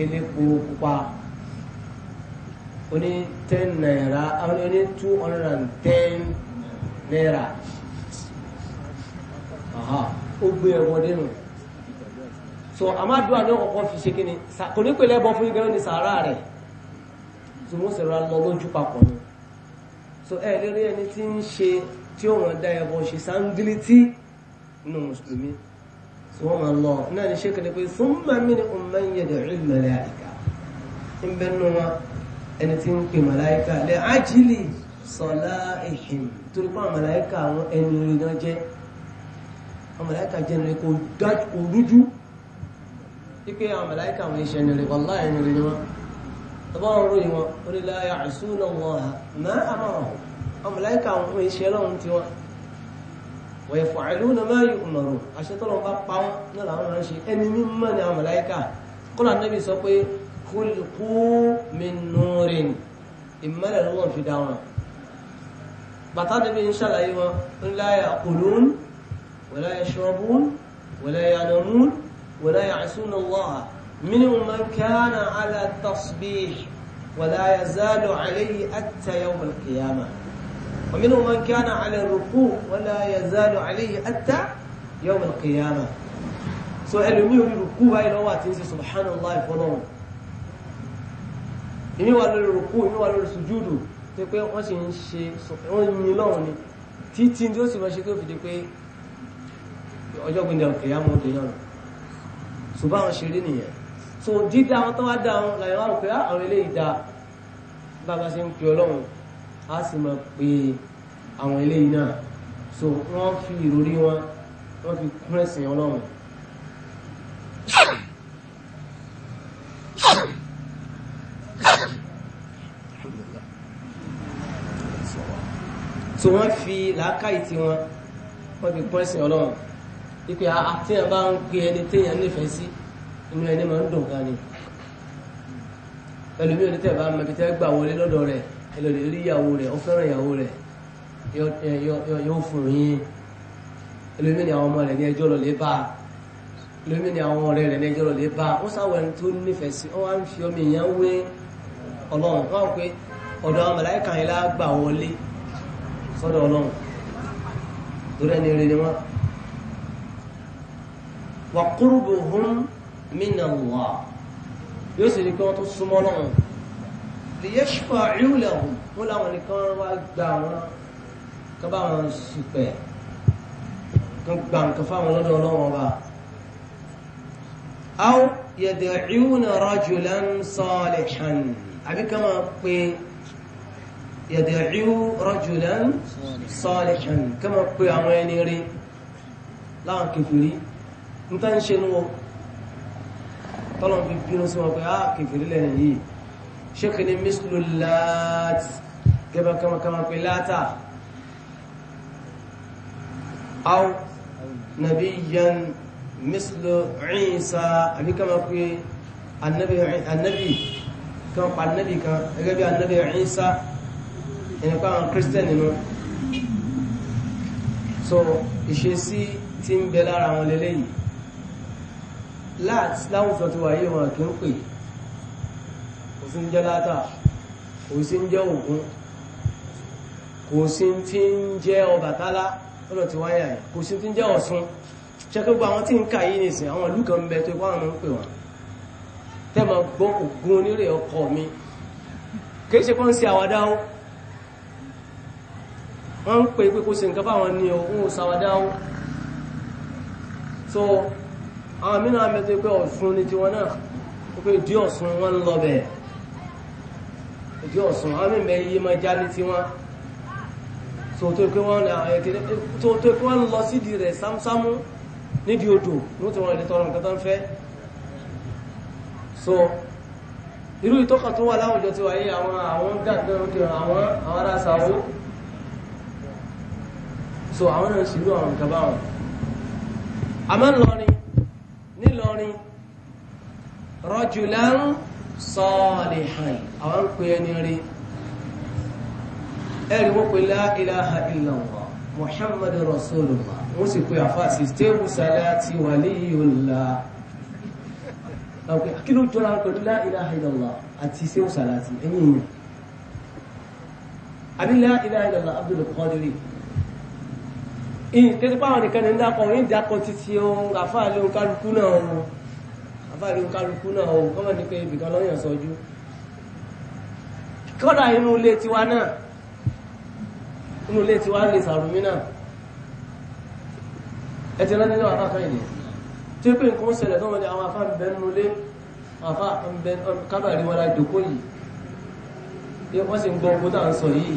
elépo pupa oní ten naira oní two hundred and ten naira ó gbé ẹ̀wọ̀ dínú so a máa dúwà ní ọkọ̀ fi ṣe kíni kò ní pèlẹ́ bọ́ fún igẹ́ ní sàárà rẹ̀ tí wọ́n sì ra lọ lójú papọ̀ ni so ẹ lérí ẹni tí ń ṣe tí ó wọ́n dá ẹbọ ṣe sáńgílítì nínú mùsùlùmí tí wọ́n máa lọ náà ní ṣe kíni pé fún mami ni ọmọ yẹn dẹ̀ rí mẹ́lẹ́ àìkà ń bẹ́ẹ̀ nù wọn ẹni tí ń pè màláíkà lẹ ájílì sọlá ìhìn torí pé àwọn màláíkà àwọn ẹni orí náà jẹ́ àwọn màláíkà jẹ́ ẹni kò rújú wípé àwọn màláíkà àwọn iṣẹ́ ẹni rẹ̀ wàlá ẹni rẹ̀ ni wọ́n tọ́bọ́ wọn ròyìn wọn wọ́n fọ̀ náà máa خلقوا من نور إما لهم في دعوة بطلب إن شاء الله أيوة لا يأكلون ولا يشربون ولا ينامون ولا يعصون الله منهم من كان على التصبيح ولا يزال عليه حتى يوم القيامة ومنهم من كان على الركوع ولا يزال عليه حتى يوم القيامة سؤال يومي ركوع إلى سبحان الله فلوه èmi wà lórí rùkú èmi wà lórí sùjúdù tó pé wọ́n sì ń ṣe wọ́n yin lọ́rùn ni títí tí ó sì máa ṣe tó fi di pé ọjọ́ gbìndẹ̀ òkèèyà mú òde yàn ṣùgbọ́n àwọn ṣeré nìyẹn so dídá àwọn tó wá dá àwọn làyẹ̀ wá rò pé ah, àwọn eléyìí dá bàbá ṣe ń pe ọlọ́run á sì máa pe àwọn so wọ́n fi làákàyè tí wọ́n wọ́n fi pọ́n ẹ̀sìn ọlọ́run wípé àtẹ̀yàn ah, ah, bá ń gbé ẹni téèyàn nífẹ̀ẹ́ sí inú ẹni máa ń dùn gan ni ẹlòmíì onítẹ̀ bá mẹ́bi tẹ́ gbà wọlé lọ́dọ̀ rẹ̀ ẹlòmíì rí ìyàwó rẹ̀ ó fẹ́ràn ìyàwó rẹ̀ yóò fún yín ẹlòmíì ni àwọn ọmọ rẹ̀ ní ẹjọ́ lọ lè bá ẹlòmíì ni àwọn ọ̀rẹ́ rẹ̀ ní ẹjọ́ lọ lè bá ó sáwọ ẹni tó nífẹ̀ẹ́ sí ọ́n wá ń fi ọmọ ìyàn wé ọlọ́run wọ́n pé ọ̀dọ̀ àwọn màláíkà yẹn lá gbà wọlé sọ́dọ̀ ọlọ́run torí ẹni rere wọn. wà kúrúbù hún minallah yóò sì rí pé wọ́n tó súnmọ́ náà lè yẹ ṣùpá ìrúlẹ̀ ọ̀hún wọn làwọn nìkan wá gba àwọn kan wọn ṣùpẹ̀ kan gba nǹkan fáwọn lọ́dọ̀ ọlọ́run ọba. aw yad'una rajulan salihan àbí ká máa pe yad'u rajulan salihan kí wọ́n pe àwọn ẹni rí láwọn kèfèrí ń tán ṣe nú tọ́lọ̀ fi bínú sí wọn pé á kèfèrí lẹ́yìn yìí ṣé kì ní mislu láti gẹ́gẹ́ kama pé láta aw nabiyyan mislu Isa àbí kama pé annabi kan pa annabi kan gẹ́gẹ́ bí annabi Isa ẹni pé àwọn christian nínú so ìṣesí tí ń bẹ lára wọn lélẹ́yìí láti láwùjọ tó wáyé wọn kì ń pè kò sí ń jẹ́ látà kò sí ń jẹ́ ògún kò sí ti ń jẹ́ ọbàtálá lọ́dọ̀ tí wáyé àyè kò sí ti ń jẹ́ ọ̀ṣun ṣẹ́kẹ́gbọ́ àwọn tí ń kà yí nìsìn àwọn ìlú kan bẹ tó ipá pè wọn tẹ́ máa gbọ́ ògún onírè ọkọ mi kì í ṣe kó ń ṣe wọ́n ń pè pé kó ṣe nǹkan fáwọn ní ohun sàwádáwó so àwọn mìíràn mẹ́tọ́ pé ọ̀sùn ní tiwọn náà ó pé ìdí ọ̀sùn wọ́n ń lọ bẹ̀ ìdí ọ̀sùn àwọn mìíràn yí máa já ní tiwọn so tó pé wọ́n lọ sídìí rẹ̀ sámsámú nídìí odò ní ó ti wọ́n lè tọrọ nǹkan tó ń fẹ́ so irú ìtọ́ka tó wà láwùjọ ti wáyé àwọn àwọn gàgbẹ́ òkè àwọn àwọn ará sàwó so àwọn náà ṣírú àwọn nǹkan báwọn àmọ́ ńlọrin nílọrin rajulan salihan àwọn ń pè ẹni rí ẹ̀rí wọ́n pè la ilaha illallah muhammad rasulullah wọ́n sì pè àfáàsì stéwù salati waliyullah kí ló jọra pẹ̀lú la abdul qadir ìkéde pàwọn nìkan ní dákọ̀ ní dákọ̀ títí ohun àfáàlé òkálukú náà ohun àfáàlé òkálukú náà ohun kọ́mọ̀ ní pé ibìkan lọ́yàn sọjú kọ́dà inú ilé tiwa náà inú ilé tiwa lè sàrùmí náà ẹ̀tì lọ́dún ní wàhálà kan ìdí tí ó pé nǹkan ó ṣẹlẹ̀ tọ́wọ́ ni àwọn afá ń bẹ nínú ilé àfá ń bẹ kábàrí wọn la jòkó yìí wọ́n sì ń gbọ́ ogun tá à ń sọ yìí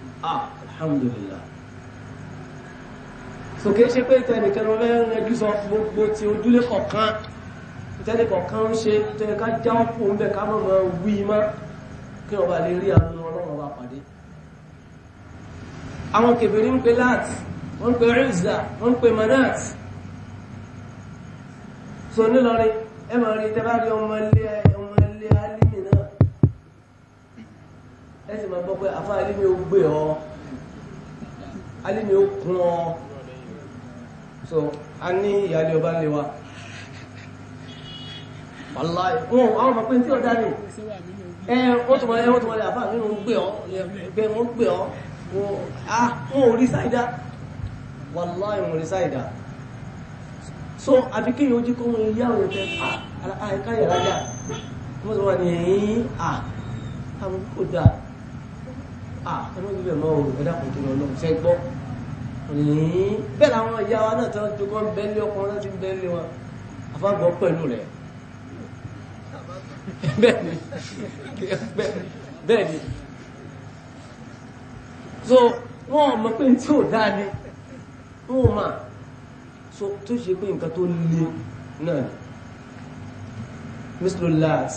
Ah, alhamdulillah so kìí ṣe pé ìtẹ́nìkan ló fẹ́ẹ́ rẹjú sọ gbogbo ti ojúlé kọ̀ọ̀kan ìtẹ́nì kọ̀ọ̀kan ń ṣe ìtẹ́nì ká já ọ̀pọ̀ ń bẹ̀ ká mọ̀ mọ̀ wí mọ́ kí wọ́n bá lè rí àánú ọlọ́run wa pàdé àwọn kèbèrè ń pe lat wọ́n ń pe rizza wọ́n ń pe manat so nílọrin ẹ máa rí tẹ́ bá rí ọmọ ilé ẹ ẹ̀sìn máa gbọ́ pé àfá alími ó gbé ọ alími ó kún ọ so a ní ìyálé ọba lè wa wàlá wọn àwọn ọmọ pé tí ọ̀dá rè ẹ wọ́n tó wọlé wọ́n tó wọlé àfá nínú gbé ọ bẹ́ẹ̀ wọ́n gbé ọ wọn ò rí sáìdá wàlá ìwọ̀n rí sáìdá so àbíkí yóò jí kó wọn yá òun tẹ àìkáyà rájà wọ́n tó Ah, ẹlọ́gbẹ̀rẹ̀ mọ́ òun ẹ̀dá kò tó lọ lọ́wọ́ ṣe gbọ́ bẹ́ẹ̀ làwọn ìyá wa náà tán jókòó ń bẹ́ẹ̀lì ọkùnrin náà ti ń bẹ́ẹ̀lì wọn àfàgbọ́ so wọ́n mọ̀ pé ni wọ́n mà so tó ṣe pé nǹkan tó le náà mislu las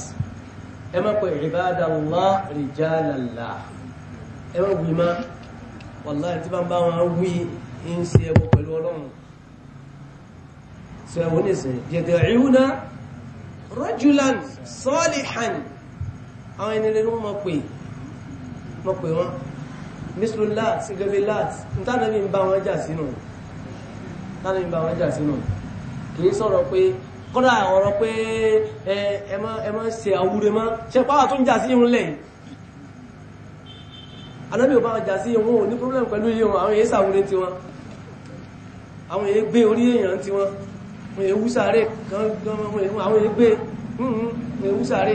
ẹ má ẹ má wí má wàláhì tí bá ń bá wọn wí ń ṣe ẹbọ pẹ̀lú ọlọ́run sọ ẹ̀wọ̀n nìsín jẹ̀dẹ̀ ìhúná rajulan salihan àwọn ẹni rẹ̀ ló mọ̀ pé mọ̀ pé wọ́n mislu lat gẹ́gẹ́ lat nítorí mi ń bá wọn jà sínú nítorí mi ń bá wọn jà sínú kì í sọ̀rọ̀ pé kọ́dà ọ̀rọ̀ pé ẹ ẹ má ṣe àwúre mọ́ ṣe pàwà tó ń jà sí lẹ́yìn anábì ò bá jà sí wọn ò ní problem pẹ̀lú iye wọn àwọn èyí sàwúrẹ́ ti wọn àwọn èyí gbé orí èèyàn ti wọn wọn èyí wúsàárè kan àwọn èyí gbé hmm, hmm, wọn èyí wúsàárè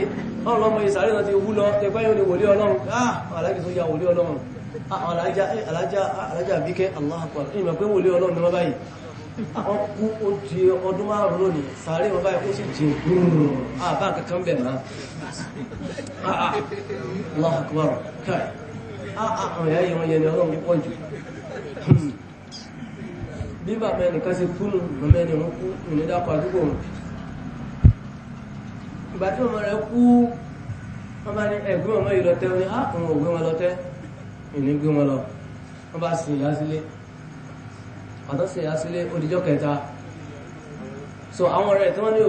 ọ̀rọ̀ ọmọ ìsàárè náà ti wú lọ tẹgbẹ́ yóò ní wòlé ọlọ́run ah aláàjì tó ya wòlé ọlọ́run alájà ah, alájà alájà bíkẹ́ Allahu Akbar ìmọ̀ pé wòlé ọlọ́run ni wọ́n báyìí àwọn kú ó di ọdún márùn lónìí sàárè wọn báyìí ó sì jí àbá kankan bẹ̀rẹ̀ náà Allahu Akbar káì àwọn ah, ah. ìyá yìí wọ́n yẹni ọlọ́run pọ̀ jù hmm. bí bàbá ẹnìkan ṣe kú nù mọ́mọ́ ẹni wọ́n kú ìnídàpọ̀ àdúgbò wọn ìgbà tí mọ́mọ́ rẹ̀ kú wọ́n bá ní ẹ̀gbọ́n ọmọ yìí lọ́tẹ́ ah, wọn ni àwọn òwe wọn lọ́tẹ́ ìní gbé wọn lọ wọ́n bá sin ìyá sílé ọ̀tọ́ sin ìyá sílé odijọ́ kẹta so àwọn ọ̀rẹ́ tí wọ́n ní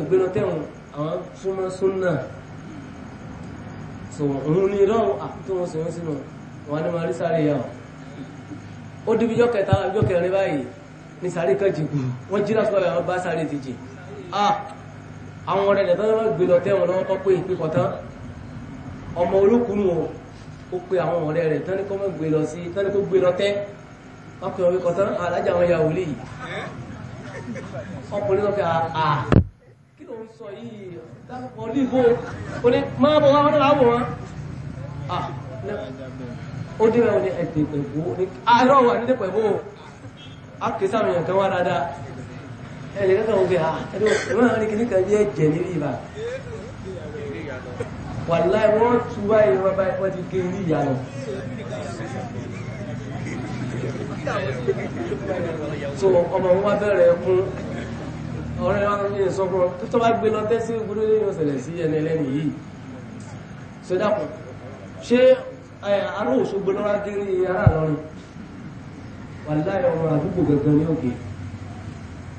ògbénà tẹ́wọ̀n àwọn súnmọ́ súnmọ́ so òun ni irọ́ àtúntò wọn sọ̀rọ̀ sínú wọn ni màá rí sáré yà ó débi jọ́ kẹta jọ́ kẹrin báyìí ní sáré kan jì wọ́n jí lásìkò àwọn bá sáré ti jì àwọn ọ̀rẹ́ rẹ̀ tọ́lọ́ gbé lọ tẹ́wọ̀n lọ́wọ́ kọ́ pé ìpínkọ̀ tán ọmọ olókùnrin o ó pe àwọn ọ̀rẹ́ rẹ̀ tán ní kọ́ mọ́ gbé lọ sí tán ní kó gbé lọ tẹ́ wọ́n pe ọ̀rẹ́ kọ̀ tán alájà àwọn ìyàwó lè yìí ọkùnrin lọ́kẹ́ àà ń sọ yìí dápọ̀ olúbo oní máa bọ̀ wá lọ́wọ́ àwòrán ó dé wọn ní ẹ̀dẹ̀ pẹ̀bú ní àárọ̀ wà nílé pẹ̀bú a kì í sàmìyàn kan wá dáadáa ẹ̀jẹ̀ kankan wọ́n fi hà ẹ̀rọ náà ní kíní kan ní ẹ̀jẹ̀ nílé ibà wàláì wọ́n tú báyìí wọ́n báyìí wọ́n ti gé ilé e ìyá lọ so ọmọ wọn wá bẹ̀rẹ̀ ẹkún ọ̀rẹ́ wa ní ìsọ́kọ́ tó bá gbé lọ tẹ́sí gbúdó ní ọ̀sẹ̀lẹ̀ sí ẹni ẹlẹ́ni yìí ṣe dápọ̀ ṣé ará òṣogbo lọ́ra kiri ará lọ́rin wà láì ọmọ àdúgbò gẹ̀gẹ̀ ní òkè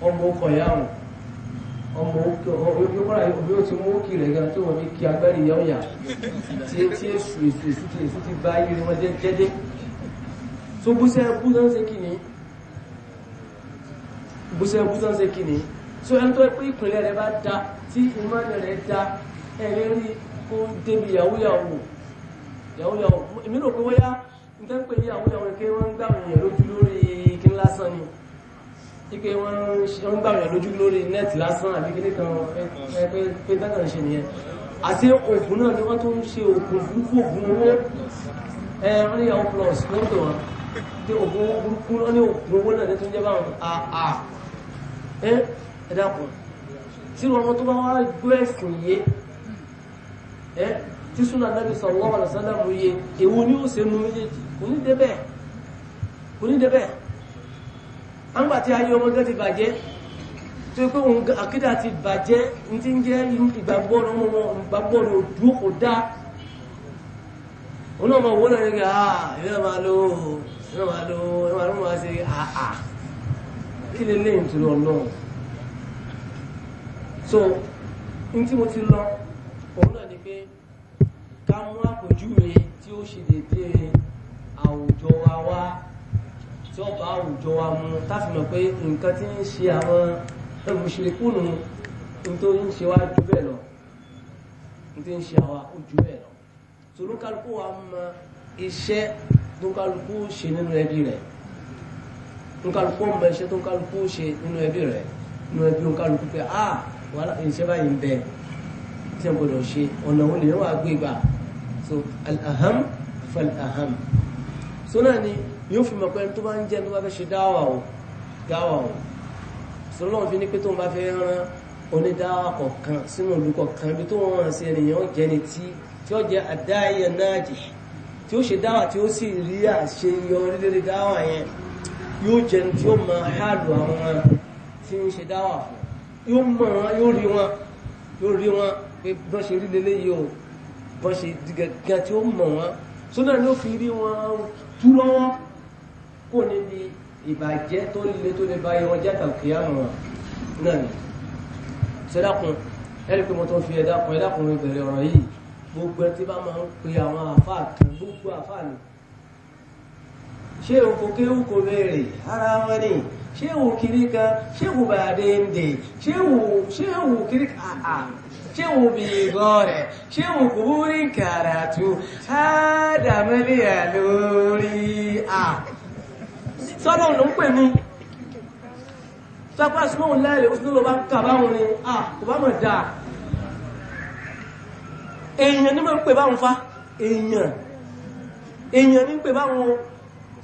ọmọ ọkọ̀ ìyá wọn ọmọ òkúra ìbí ó ti mú òkè rẹ̀ gan tí wọ́n ní kí agbẹ́rì yẹn yà tí é tí èsù èsù èsù tí èsù ti bá yìí wọn jẹ́jẹ́ tó búṣẹ́ bú náà ṣe kìíní búṣẹ́ bú náà ṣe kìíní so ẹni tó pé ìpìlẹ̀ rẹ̀ bá da tí ìmọ̀lẹ̀ rẹ̀ da ẹ̀rẹ́ rí kó débi yàwóyàwó yàwóyàwó èmi rò pé wáyá n tẹ́ ń pè yàwóyàwó kí wọ́n ń gbà wọ̀nyẹ̀ lójú lórí kí lásán ni ike wọ́n ń gbà wọ̀nyẹ̀ lójú lórí nẹ́ẹ̀tì lásán àbí kí nìkan pé tẹ́kàn ṣe nìyẹn àti òògùn náà ni wọ́n tó ń ṣe òògùn burúkú òògùn owó ẹ̀ wọ́n ní yàwó plus lóńtò wọn tí òògùn burúkú wọ́n ní òògùn owó náà ní tó ń jẹ́ báwọn àà ẹ́ ẹ dákun tí ọmọ tó bá wá gbọ́ ẹ̀sìn yé ẹ tí súnà nàbì sallallahu alaihi wasallam yé èwo ni ó ṣe nu méjèèjì onídébẹ̀ onídébẹ̀ àgbà tí ayé ọmọdé ti bàjẹ́ tó pé òun àkídà ti bàjẹ́ ní ti ń jẹ́ ìgbàgbọ́ ọmọ wọn ìgbàgbọ́ rẹ̀ òdú kò dá òun náà máa wọ́n náà nígbà àà ìrẹ́ máa lò ó ìrẹ́ àà kí lè lè ìtúrọ̀ náà so n tí mo ti lọ òun náà ni pé ká mú àpèjúwe tí ó ṣe dédé àwùjọ wa wá tí ó bá àwùjọ wa mu táfi mọ̀ pé nǹkan tí ń ṣe àwọn olùṣèkúnnù n tó ń ṣe wá ju bẹ́ẹ̀ lọ n tó ń ṣe àwa ó ju bẹ́ẹ̀ lọ so lókàlùkù wa mọ iṣẹ́ tó kálukú ṣe nínú ẹbí rẹ̀ tó kálukú mọ iṣẹ́ tó kálukú ṣe nínú ẹbí rẹ̀ nínú ẹbí tó kálukú pé ah wàhálà ìṣe báyìí ń bẹ tí a gbọdọ̀ ṣe ọ̀nà òun nìyẹn wà gbé gbà so alaham falaham so náà ni yóò fi mọ̀ pé tó bá ń jẹ́ tó bá fẹ́ ṣe dáwà o dáwà o so lọ́wọ́n fi ní pé tó ń bá fẹ́ rán onídáwà kọ̀ọ̀kan sínú ìlú kọ̀ọ̀kan ibi tó wọ́n rán sí ènìyàn jẹni tí tí ó jẹ́ àdáyẹ náà jì tí ó ṣe dáwà tí ó sì rí àṣeyọrí lérí dáwà yẹn yóò jẹni tí ó mọ àhàlù àwọn tí ń ṣe dáwà fún yóò mọ̀ wọn yóò rí wọn yóò rí wọn pé bọ́n ṣe rí lélẹ́ yìí o bọ́n ṣe gẹ́gẹ́ tí ó mọ̀ wọn sódà ni ó fi rí wọn tú lọ́wọ́ kò níbi ìbàjẹ́ tó le tó lè ba ẹran játa òkè àmọ́ wọn náà ni sẹ́dàkùn ẹ̀rí pé mo tó fi ẹ̀dàkùn ẹ̀dàkùn ìbẹ̀rẹ̀ ọ̀rọ̀ yìí gbogbo ẹ tí bá máa ń pe àwọn àfáà kan gbogbo nìkan ṣé òkú kéwù kò béèrè ara wọn ni ṣé òun kiri kan ṣé òun bá dé ń dè ṣé òun ṣé òun kiri kan àà ah, ah. ṣé òun bí ìgbọ́n rẹ̀ ṣé òun kò rí kàràtú ádàmẹ́lẹ́yà lórí à ah. sọ́dọ̀ ló ń pè fa èèyàn èèyàn ní ń pè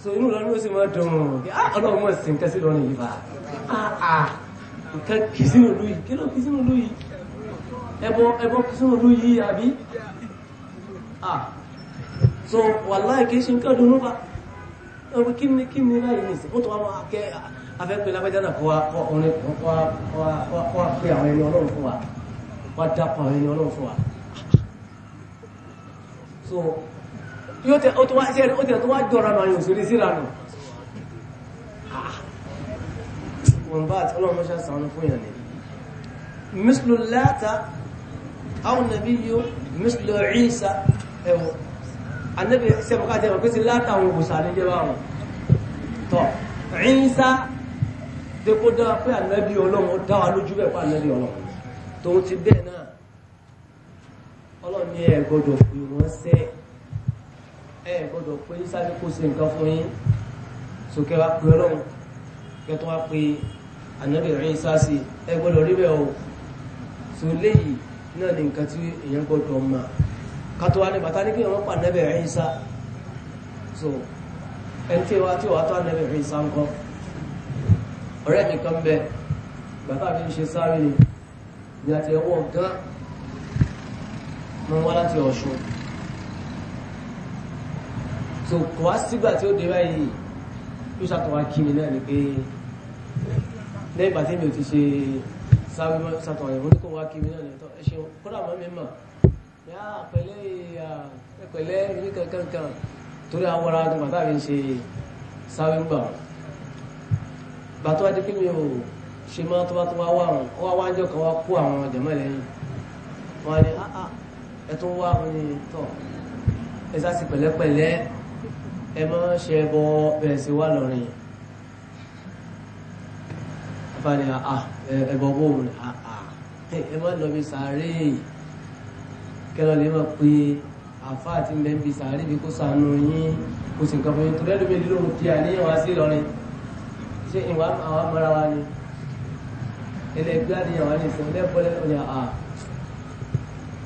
so inú lọ́nà ó sì máa dùn ún ọlọ́run mọ̀ sí nǹkan sí lọ́nà yìí bá a nǹkan kì í sínú ìlú yìí kí ló kì í sínú ìlú yìí ẹbọ ẹbọ kì í sínú ìlú yìí àbí so wàláì kì í ṣe nǹkan dùn ún bá ọ̀rọ̀ kí ni kí ni láyé ní ìsìn ó tó wá máa kẹ́ afẹ́pẹ́ lágbájá náà kọ́ wa kọ́ orin kọ́ wa pé àwọn ẹni ọlọ́run fún wa wá dápọ̀ àwọn ẹni ọlọ́run fún wa so yóò tẹ ó ti wá ṣe ó ti tó wá jọra nù àyàn òṣèré síra ah. nù. wọn bá àti ọlọ́run ṣe àṣàwọn fún yàn ni. mislu láta àwọn nàbí yóò mislu ìsà ẹ̀wọ̀ anabi sẹ́fọ̀ká àti ẹ̀wọ̀ pèsè láta àwọn òwòsà ní jẹ́ báwọn. tọ́ ìsà dẹ́kọ́ pé ànábì ọlọ́run dá wa lójú bẹ́ẹ̀ pé ànábì ọlọ́run tòun ti bẹ́ẹ̀ náà ọlọ́run ní ẹ̀ gbọ́dọ̀ fi sẹ́ẹ̀ ẹ gbọ́dọ̀ pé sáré kó ṣe nǹkan fún yín sókè wá pé ọlọ́run kẹtọ wá pé ànábì rìn sáàsì ẹ gbọ́dọ̀ rí bẹ́ẹ̀ o so léyìí náà ni nǹkan tí èèyàn gbọ́dọ̀ mọ̀ kátó wá ní bàtà ní kí wọn pa ànábì rìn sá so ẹni tí wàá tí wàá tó ànábì rìn sá ńkọ́ ọ̀rẹ́ mi kan bẹ bàbá mi ń ṣe sáré ni àti ẹwọ gán máa wá láti Ọ̀ṣun so kò wá sígbà tí ó dé báyìí tó ṣàtọ̀wá kí mi náà ni pé lẹ́yìn ìgbà tí mi ò ti ṣe ṣàtọ̀wá yẹ̀wò ní kò wá kí mi náà ni tọ́ ẹ ṣeun kódà mọ́ mi mọ̀ yá pẹ̀lẹ́ ẹ̀pẹ̀lẹ́ ní kankankan torí àwọn ará tó bàtà mi ń ṣe sáré gbà bàtọ́ adé kí mi ò ṣe máa tó bá tó wá wà wọn ó wá wájọ kan wá kó àwọn jẹ̀mọ́ lẹ́yìn wọn ni ẹ tó wá wọn ni tọ́ ẹ sá sí pẹ̀lẹ́pẹ̀lẹ́ ẹ máa ń ṣe ẹbọ bẹ̀rẹ̀ sí wà lọ́rin yìí afáàní àà ẹbọ bóun ni àà ah, ah, ẹ ah, máa lọ bí sàárè kẹlọ lè máa pe àfa àti mẹ́bí sàárè bí kò sànù yín kò sì nǹkan fún yín torí ẹlòmíì ló ń fi àníyàn wá sí Ìlọrin ṣé ìwà àwọn amọ̀ra wa ni ẹlẹgbẹ́ àníyàn wá ní ìsìn lẹ́bọ̀ lẹ́nu ni àà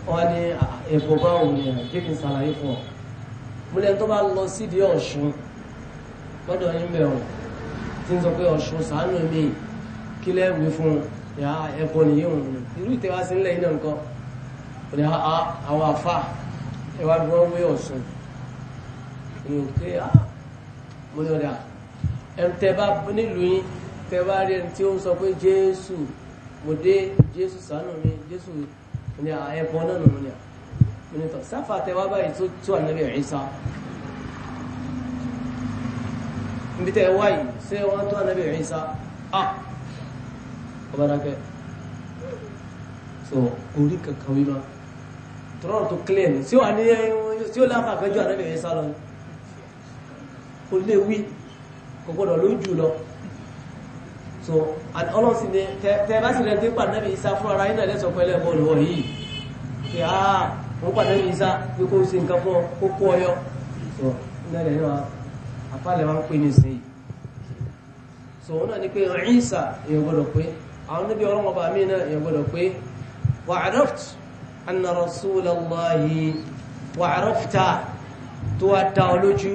wọ́n á ní ẹ̀fọ́ báwo ni àjẹ́kì sàlàyé fún ọ múlẹ̀ tó bá lọ sídìí ọ̀ṣun lọ́dọ̀ yín bẹ̀rùn tí ń sọ pé ọ̀ṣun sàánú mi kí lẹ́wìí fún ya ẹ̀kọ́ nìyí òun irú ìtẹ́wá sí ńlẹ̀ yìí náà nǹkan kò ní àwọn àfà ẹwà bí wọ́n wé ọ̀ṣun èèyàn pé á ah. mo ní ọ̀dà ẹ̀rù tẹ́ bá nílùú yín tẹ́ bá rí ẹni tí ó ń sọ pé jésù mo dé jésù sàánú mi jésù ẹ̀kọ́ náà nù onítọ̀ sáfà tẹwà báyìí tó tó ànábì Ìsá níbi tẹ wá yìí ṣé wọ́n tó ànábì Ìsá à ọba dákẹ́ so kò rí kankan wíwá tọ́rọ̀ tó kílẹ̀ ní tí ó ní tí ó láǹfà kẹjọ ànábì Ìsá lọ kò lè wí kò gbọdọ̀ lójú lọ so ọlọ́sìn ni tẹ bá sì rẹ tí pàdánù Ìsá fún ara yín náà lẹ́sọ̀ pẹ́lẹ́ wọ́n pàdé ní isa pé kó ṣe nǹkan fún ọ kó kó ọyọ so nílẹ̀ náà àpálẹ̀ wa ń pè ní sí i so wọn náà ni pé ìsà èèyàn gbọdọ̀ pé àwọn níbi ọ̀rọ̀ ọba mi náà èèyàn gbọdọ̀ pé wà àrọ́ft anna rasulallahi wà àrọ́fta tó wá dá ọ lójú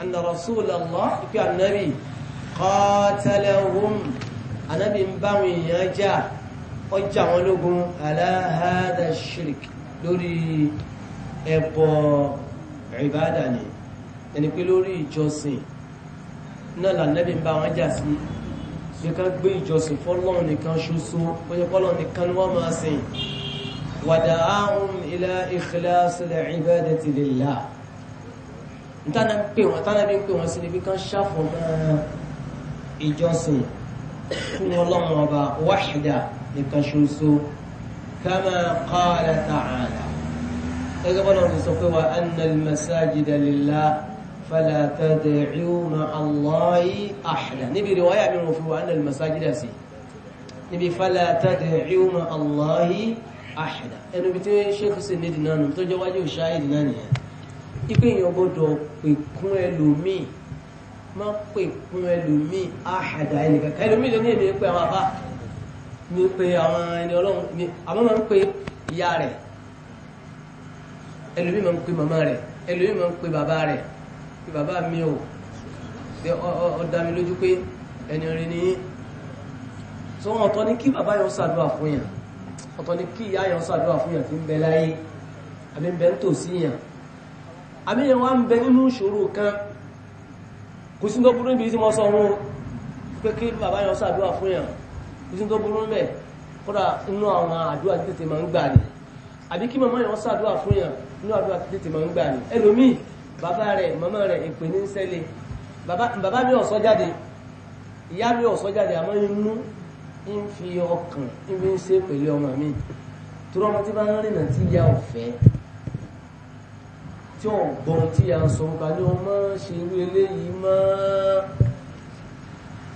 anna rasulallah ipe anabi qatalahum anabi ń bá wọn èèyàn já ọjà wọn lógun ala shirk lórí ẹbọ ìbáàdà ni ẹni pé lórí ìjọsìn náà lànàbí ń bá wọn jà sí ṣe ká gbé ìjọsìn fọ́lọ́run nìkan ṣoṣo ó yẹ fọ́lọ́run nìkan ni wọ́n máa sìn wada'ahum ila ikhlasil ibadati lillah ntana pè wọ́n tana bí pè wọ́n sí níbi kan ṣàfọ̀mọ́ ìjọsìn fún ọlọ́run ọba wáhìdá nìkan ṣoṣo كما قال تعالى اقبل الرسول وأن المساجد لله فلا تدعوا مع الله أحدا نبي رواية من رفو أن المساجد سي نبي فلا تدعوا مع الله أحدا أنا بتوي شيخ سنيد نانو تو جواجه شاهد ناني ipe èèyàn gbọ́dọ̀ pèkún ẹlòmíì má pèkún ẹlòmíì يعني ẹnìkan ẹlòmíì lè ní ní pé àwọn ẹni ọlọ́run ní àmọ́ máa ń pe ìyá rẹ̀ ẹlòmí máa ń pe màmá rẹ̀ ẹlòmí máa ń pe bàbá rẹ̀ pé bàbá mi ò ó mi lójú pé ẹni rí ni tó ọ̀tọ̀ ní kí bàbá yẹn ṣàdúrà fún yàn ọ̀tọ̀ ní kí ìyá yẹn ṣàdúrà fún yàn tí ń bẹ láyé àbí ń bẹ ń yàn àbí yẹn wá ń bẹ nínú ìṣòro kan kò sí tó burú níbi tí wọ́n sọ wọn pé kí bàbá yẹn ṣàdúrà fún yàn kùsùn tó burú mẹ́ kọ́dà inú àwọn àdúrà tètè máa ń gbà ní àbí kí màmá yẹn sàdúrà fún yàn inú àdúrà tètè máa ń gbà ní ẹlòmíì bàbá rẹ̀ màmá rẹ̀ èpè ní sẹ́lẹ̀ bàbá mi ọ̀sọ́ jáde ìyá mi ọ̀sọ́ jáde àmọ́ inú ń fi ọkàn ń fi ń ṣe pẹ̀lú ọmọ mi tó rọ́mọ tí bá ń rìnà tí ìyá ọ̀fẹ́ tí ó gbọ́n tí a ń sọ ọba ní ọmọ ṣe irú eléyìí máa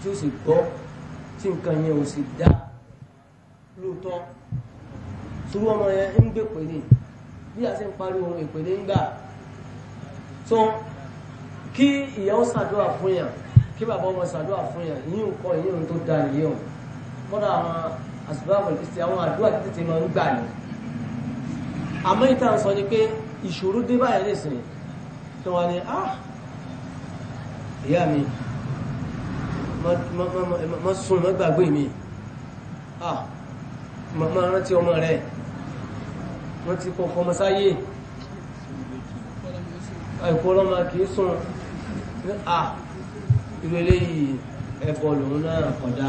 tí ó sì gbọ́ tí nǹkan yẹn ò sì dá lóòótọ́ sùúrù ọmọ yẹn ń gbé pèlè bí a ṣe ń parí ohun ìpèlè ń gbà tó kí ìyá ó ṣàdúrà fún yàn kí bàbá ọmọ ṣàdúrà fún yàn ìyín nǹkan ìyín ohun tó da nìyẹn o kọ́dà àwọn àṣùbà pẹ̀lú àwọn àdúrà tètè máa ń gbà ní. àmọ́ ìta ń sọ ni pé ìṣòro dé báyìí lè sìn tí wọ́n á ní ah ìyá mi má sùn má gbàgbé mi ah má rántí ọmọ rẹ wọ́n ti kọ́kọ́ ọmọ sáyé àìkú ọlọ́mà kìí sùn ní à irú eléyìí ẹbọ lòun náà kọjá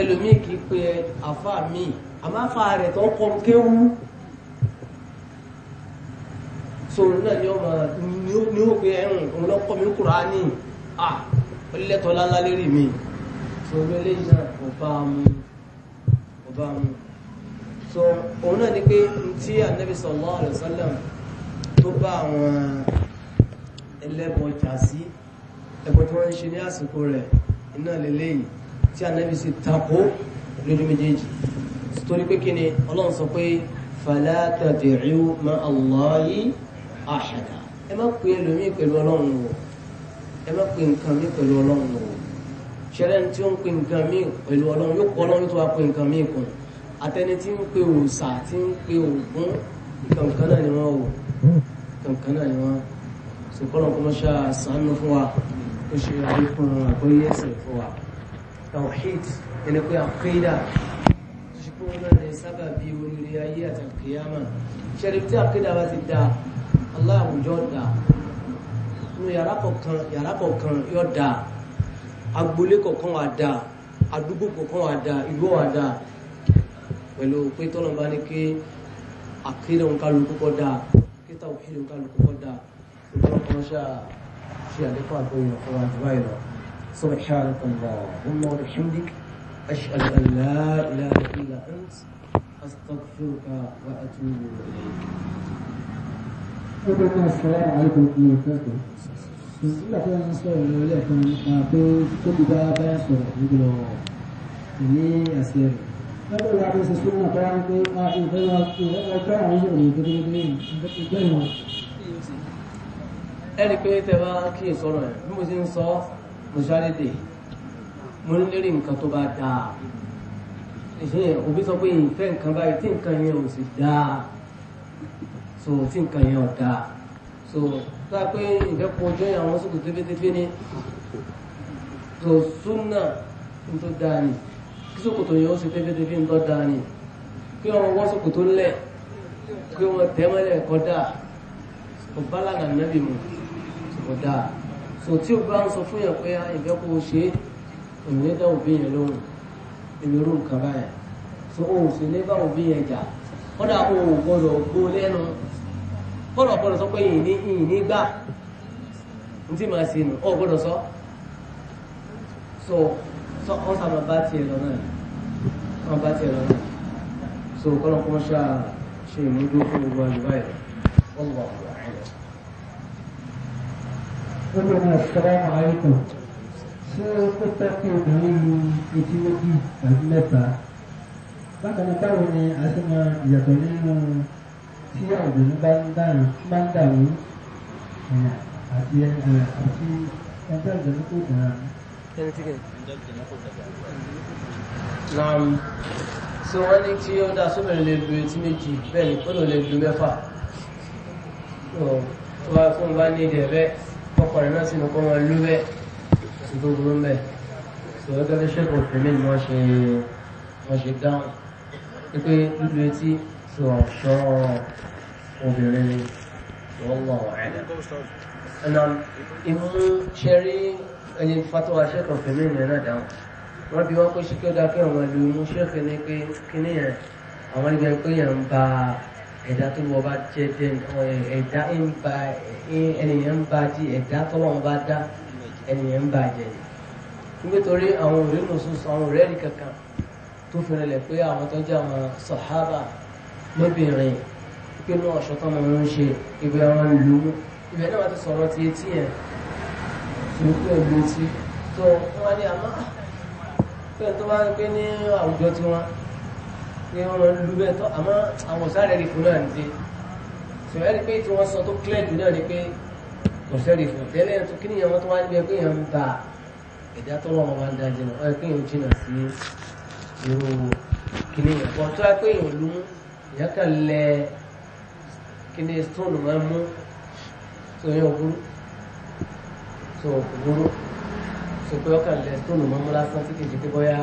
ẹlòmíì kìí pe àfà mi àmọ́ àfà rẹ̀ tó kọ́ kéwú sòrò náà ni ó pe ẹ̀rùn òun lọ́kọ́ mi Kùránì à olílẹ́tọ̀ láńlá lérí mi so olóòlé náà kò bá mu kò bá mu so òun náà ni pé tí anabi sallallahu alaihi wasallam tó bá àwọn ẹlẹ́bọn jà sí ẹbọ tí wọ́n ń ṣe ní àsìkò rẹ̀ iná lélẹ́yìn tí anabi sì takò lójú méjèèjì torí pé kí ni ọlọ́run sọ pé fala tad'u ma'a Allahi ahada ẹ má pè é lómi pẹ̀lú ọlọ́run wò ẹ má pe nǹkan mi pẹ̀lú ọlọ́run o ṣẹlẹ̀ tí ó ń pe nǹkan mi pẹ̀lú ọlọ́run yóò pọ̀ ọlọ́run tó wá pe nǹkan mi kùn àtẹni tí ń pe òòṣà tí ń pe òògùn kankan náà ni wọ́n o kankan náà ni wọ́n sèkọ́lọ̀ kọ́ mọ́ṣá sànú fún wa ó ṣe àlékún àgbọ́yé ẹ̀sìn fún wa tawhid ẹni pé àkéèdà tó ṣe náà lè sábà bí oríire ayé àti ṣẹlẹ̀ tí àkéèdà bá ti da aláwùjọ dáa nu yàrá kọ̀ọ̀kan yàrá kọ̀ọ̀kan yóò da agboolé kọ̀ọ̀kan wà da àdúgbò kọ̀ọ̀kan wà da ìlú wà da pẹ̀lú pé tọ́nà bá ní kí akéde òǹkálukú kọ́ da kíta òkèlè òǹkálukú kọ́ da òǹkálukú ṣá ṣe àlékún àgbóyè ọ̀fọ̀ àdúrà ìlọ سبحانك اللهم وبحمدك أشهد أن لا إله إلا أنت أستغفرك وأتوب إليك Ọdọ́kọ̀ sọ́lá àríkò ní ìfẹ́kọ̀ọ́. Nígbà tó ń sọ̀rọ̀ ní ilé ẹ̀kan nípa pé tó bí bá bá sọ̀rọ̀ nígbà ní àṣẹ rẹ̀. Lọ́dọ̀ ìyá tó ṣe súnmọ́ àpárá ń pé a ìfẹ́ wa kí ọjọ́ àwọn yóò ní ìdílé ní ìgbẹ́ ìwọ̀n. Ẹ rí pé tẹ bá kí ìsọ̀rọ̀ ẹ̀ bí mo ṣe ń sọ mo sáré dè mo ń lérí nǹkan tó bá dáa. Òbí sọ pé ìfẹ́ nǹkan báyìí tí nǹkan yẹn ò sì dáa so tí nǹkan yẹn ò dáa so tó a pé ìdẹ́kun ojú ẹ̀yà wọn sókè tẹ́fẹ́tẹ́fẹ́ ni so súnà ń tó dáa ni kí sókòtò yẹn ó ṣe tẹ́fẹ́tẹ́fẹ́ ń tó dáa ni kí wọn wọ́n sókòtò lẹ̀ kí wọn tẹ́mọ́lẹ̀ kọ́ dáa kò bá lànà nẹ́bì mu kò dáa so tí o bá ń sọ fún yẹn pé ìdẹ́kun ah, ó ṣe òun ní dáhùn bí yẹn lóhùn ìlú rú nǹkan so òun sì ní báwọn bí yẹn jà kọ́dà o gbọ́dọ̀ gbó lẹ́nu kọ́dọ̀ gbọ́dọ̀ sọ pé ìní ìní gbà ní tí màá sí nù ọ gbọ́dọ̀ sọ so sọ ọ sábà bá tiẹ̀ lọ náà ọ bá tiẹ̀ lọ náà so kọ́dọ̀ kọ́ ṣáà ṣe ìmúdó fún gbogbo àjùbá yìí wọ́n wà wọ́n àìlẹ̀. ó lè ní ọ̀sán àìkú ṣé ó pẹ́ kí obìnrin lu etí méjì àbí mẹ́ta bákan náà báwo ni a ṣe mọ ìyàtọ̀ nínú tí àwòrán bá ń dàrú bá ń dàrú àti àti ẹgbẹ́ ìjọba tó dára. Naam so wọ́n ní tí ó ni sóbìnrin lè lu etí méjì bẹ́ẹ̀ ni kó ló lè lu mẹ́fà. Tó bá fún un bá ní ìdẹ̀ bẹ́ẹ̀ ọkọ̀ rẹ̀ náà sínú kó máa lú bẹ́ẹ̀ ṣùgbọ́n burú mẹ́ẹ̀. Sọ̀rọ̀ gẹ́gẹ́ pé lúlu etí sọ ọ̀ṣọ́ obìnrin ni wọ́n lọ ẹ̀dá. ẹnà ìmú ṣe rí ẹni fatuwa ṣẹ́kọ̀ fèmí ìyẹn náà dáhùn wọ́n bí wọ́n pé ṣe kí ó dáa kí àwọn ìlú pé yẹn ń ba ẹ̀dá tó wọ́n bá jẹ́ ẹ̀dá ń ba ẹnìyẹn ń ba jí ẹ̀dá tó wọ́n bá dá ẹnìyẹn ń ba jẹ́ nítorí àwọn òrìnnù sọ àwọn òrẹ́rì kankan tó fi rẹlẹ̀ pé àwọn tó jẹ́ àwọn sàhábà lóbìnrin pé ní ọ̀ṣọ́ tó máa ń ṣe ibẹ̀ wọn lù ú ibẹ̀ náà wọ́n ti sọ̀rọ̀ ti etí ẹ̀ tó pé ẹ̀lú etí tó wọ́n ní àmọ́ ah, pé tó bá ń pé ní àwùjọ tí wọ́n ní wọ́n máa ń lù bẹ́ẹ̀ tó àmọ́ àwọn sáré rí fún náà nìyí sọ ẹ́ rí pé tí wọ́n sọ tó clear jù náà ni pé kò sẹ́rí fún tẹ́lẹ̀ tó kí ni àwọn tó wá ń jẹ pé èèyàn ń ba ẹ̀dá tó wọ́n irú kíní yẹn bọ́ tó yẹ pé èèyàn ló mú èèyàn kàn lẹ kíní stone máa mú tó yẹ ògúrú tó ògúrú tó pé ọkàn lẹ stone máa mú lásán tí kìí pé bóyá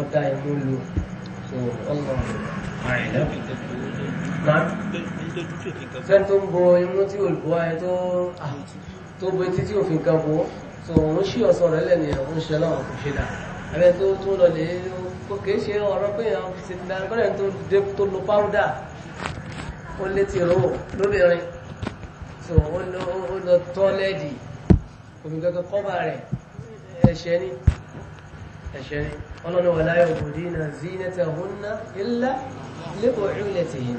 ọ̀dà ìmú lu tó ọ̀sán. sẹ́ńtò ń bọ imú tí olùkọ́ ayé tó ah, tó bo etí tí òfin kan bọ́ tó òun ṣí ọ̀sán rẹ̀ lẹ́nu ẹ̀ ń ṣe láwọn kò ṣe dà abẹ́ tó tó lọ lè kò kìí ṣe ọ̀rọ̀ pé èèyàn ṣe ti dára kọ́lẹ̀ tó dé tó lo páúdà ó lé ti rò lóbìnrin tó ó lọ tọ́lẹ́dì omi gẹ́gẹ́ kọ́bà rẹ̀ ẹ̀ṣẹ̀ ni ẹ̀ṣẹ̀ ni ọlọ́nà wà láyọ̀ òbòdì náà zí ní tẹ̀ hún ná ilá lébò ìrìnlẹ̀ tì yìí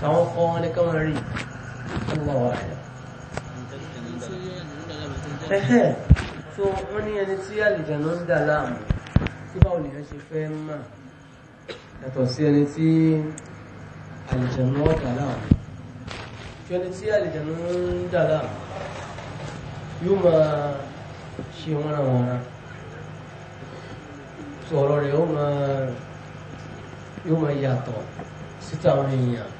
táwọn kọ́ wọn ní kí rí ọlọ́wọ́ wà rẹ̀. ẹ̀hẹ́ wọ́n ní ẹni tí àlìjẹ̀ ló ń dà láàmú tí báwo lèèyàn ṣe fẹ́ mà yàtọ̀ sí ẹni tí àlìjẹ̀nú ọ̀dà láàmú tí ẹni tí àlìjẹ̀nú ń dà yóò máa ṣe wọ́nrawọ́nra tó rẹ̀ yóò máa yóò máa yàtọ̀ síta àwọn èèyàn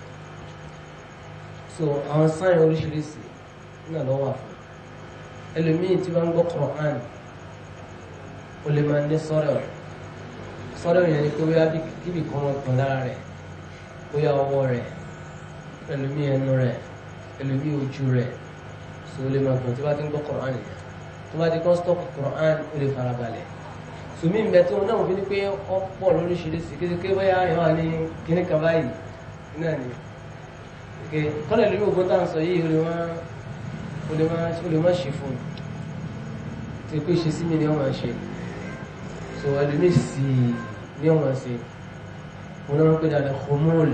so àwọn sáyẹn oríṣiríṣi náà lọ́wọ́ àfọ̀ ẹlòmíì tí wọ́n ń gbọ́ Kùránì ó máa ní sọ́rọ̀ rẹ̀ sọ́dọ̀ yẹn ni pé bóyá kíbi kan wọn kàn lára rẹ̀ bóyá so lè máa gbọ̀n Quran yẹn tó bá Quran ó lè farabalẹ̀ sùmí ń bẹ tó náà wọ́n fi ni pé ọ̀pọ̀ lóríṣiríṣi kékeré bóyá ìwà ni kíní kan báyìí náà ni kọ́lẹ̀ lórí ogun tá à ń sọ yìí o so ẹlòmíì sí ní ọmọ sí wọn náà pé dáadáa homon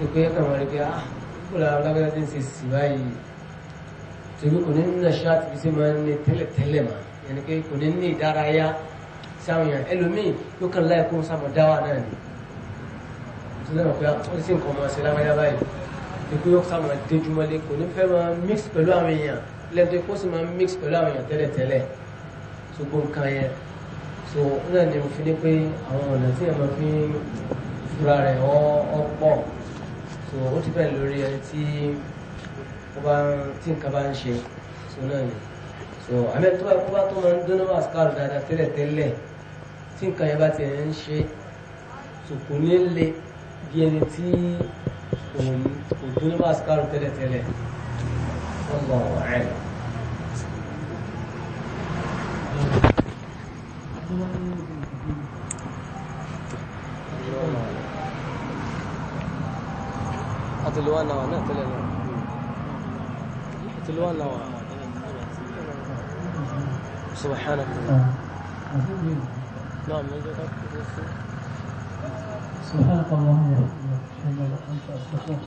ní pé kàwọn rí pé ah kó lára lágbára tí ń ṣe sì báyìí torí kò ní nà ṣáàtì bí sí máa ń ní tẹ́lẹ̀tẹ́lẹ̀ mà yẹn pé kò ní ní ìdárayá sáwọn èèyàn ẹlòmíì ló kàn láì kún sáwọn dáwà náà ni tó dáná pé wọ́n sì ń kọ́ máa ṣe lágbára báyìí ìpín yóò sáwọn déjúmọ́lé kò ní fẹ́ máa mix pẹ̀lú àwọn èèyàn lẹ́tọ́ mix pẹ̀lú àwọn èèyàn tẹ́lẹ̀tẹ́lẹ̀ ṣùgbọ́n nǹkan so ó náà ni mo fi ní pé àwọn ọ̀nà tí èèyàn fi ń fura rẹ̀ ọ̀pọ̀ so ó ti bẹ̀rẹ̀ lórí ẹni tí ó bá tí nǹkan bá ń ṣe so náà ni so àmì tó ẹ̀kọ́ bá tó máa ń dúnú àsìkárù dáadáa tẹ́lẹ̀ tẹ́lẹ̀ tí nǹkan yẹn bá ti ń ṣe so kò ní le bí ẹni tí kò dúnú àsìkárù tẹ́lẹ̀ tẹ́lẹ̀ wọ́n lọ حتى نوانا تلا حتى الوان نوانا سبحانك نعم سبحانك اللهم وبحمدك اشهد ان لا اله الا انت استغفرك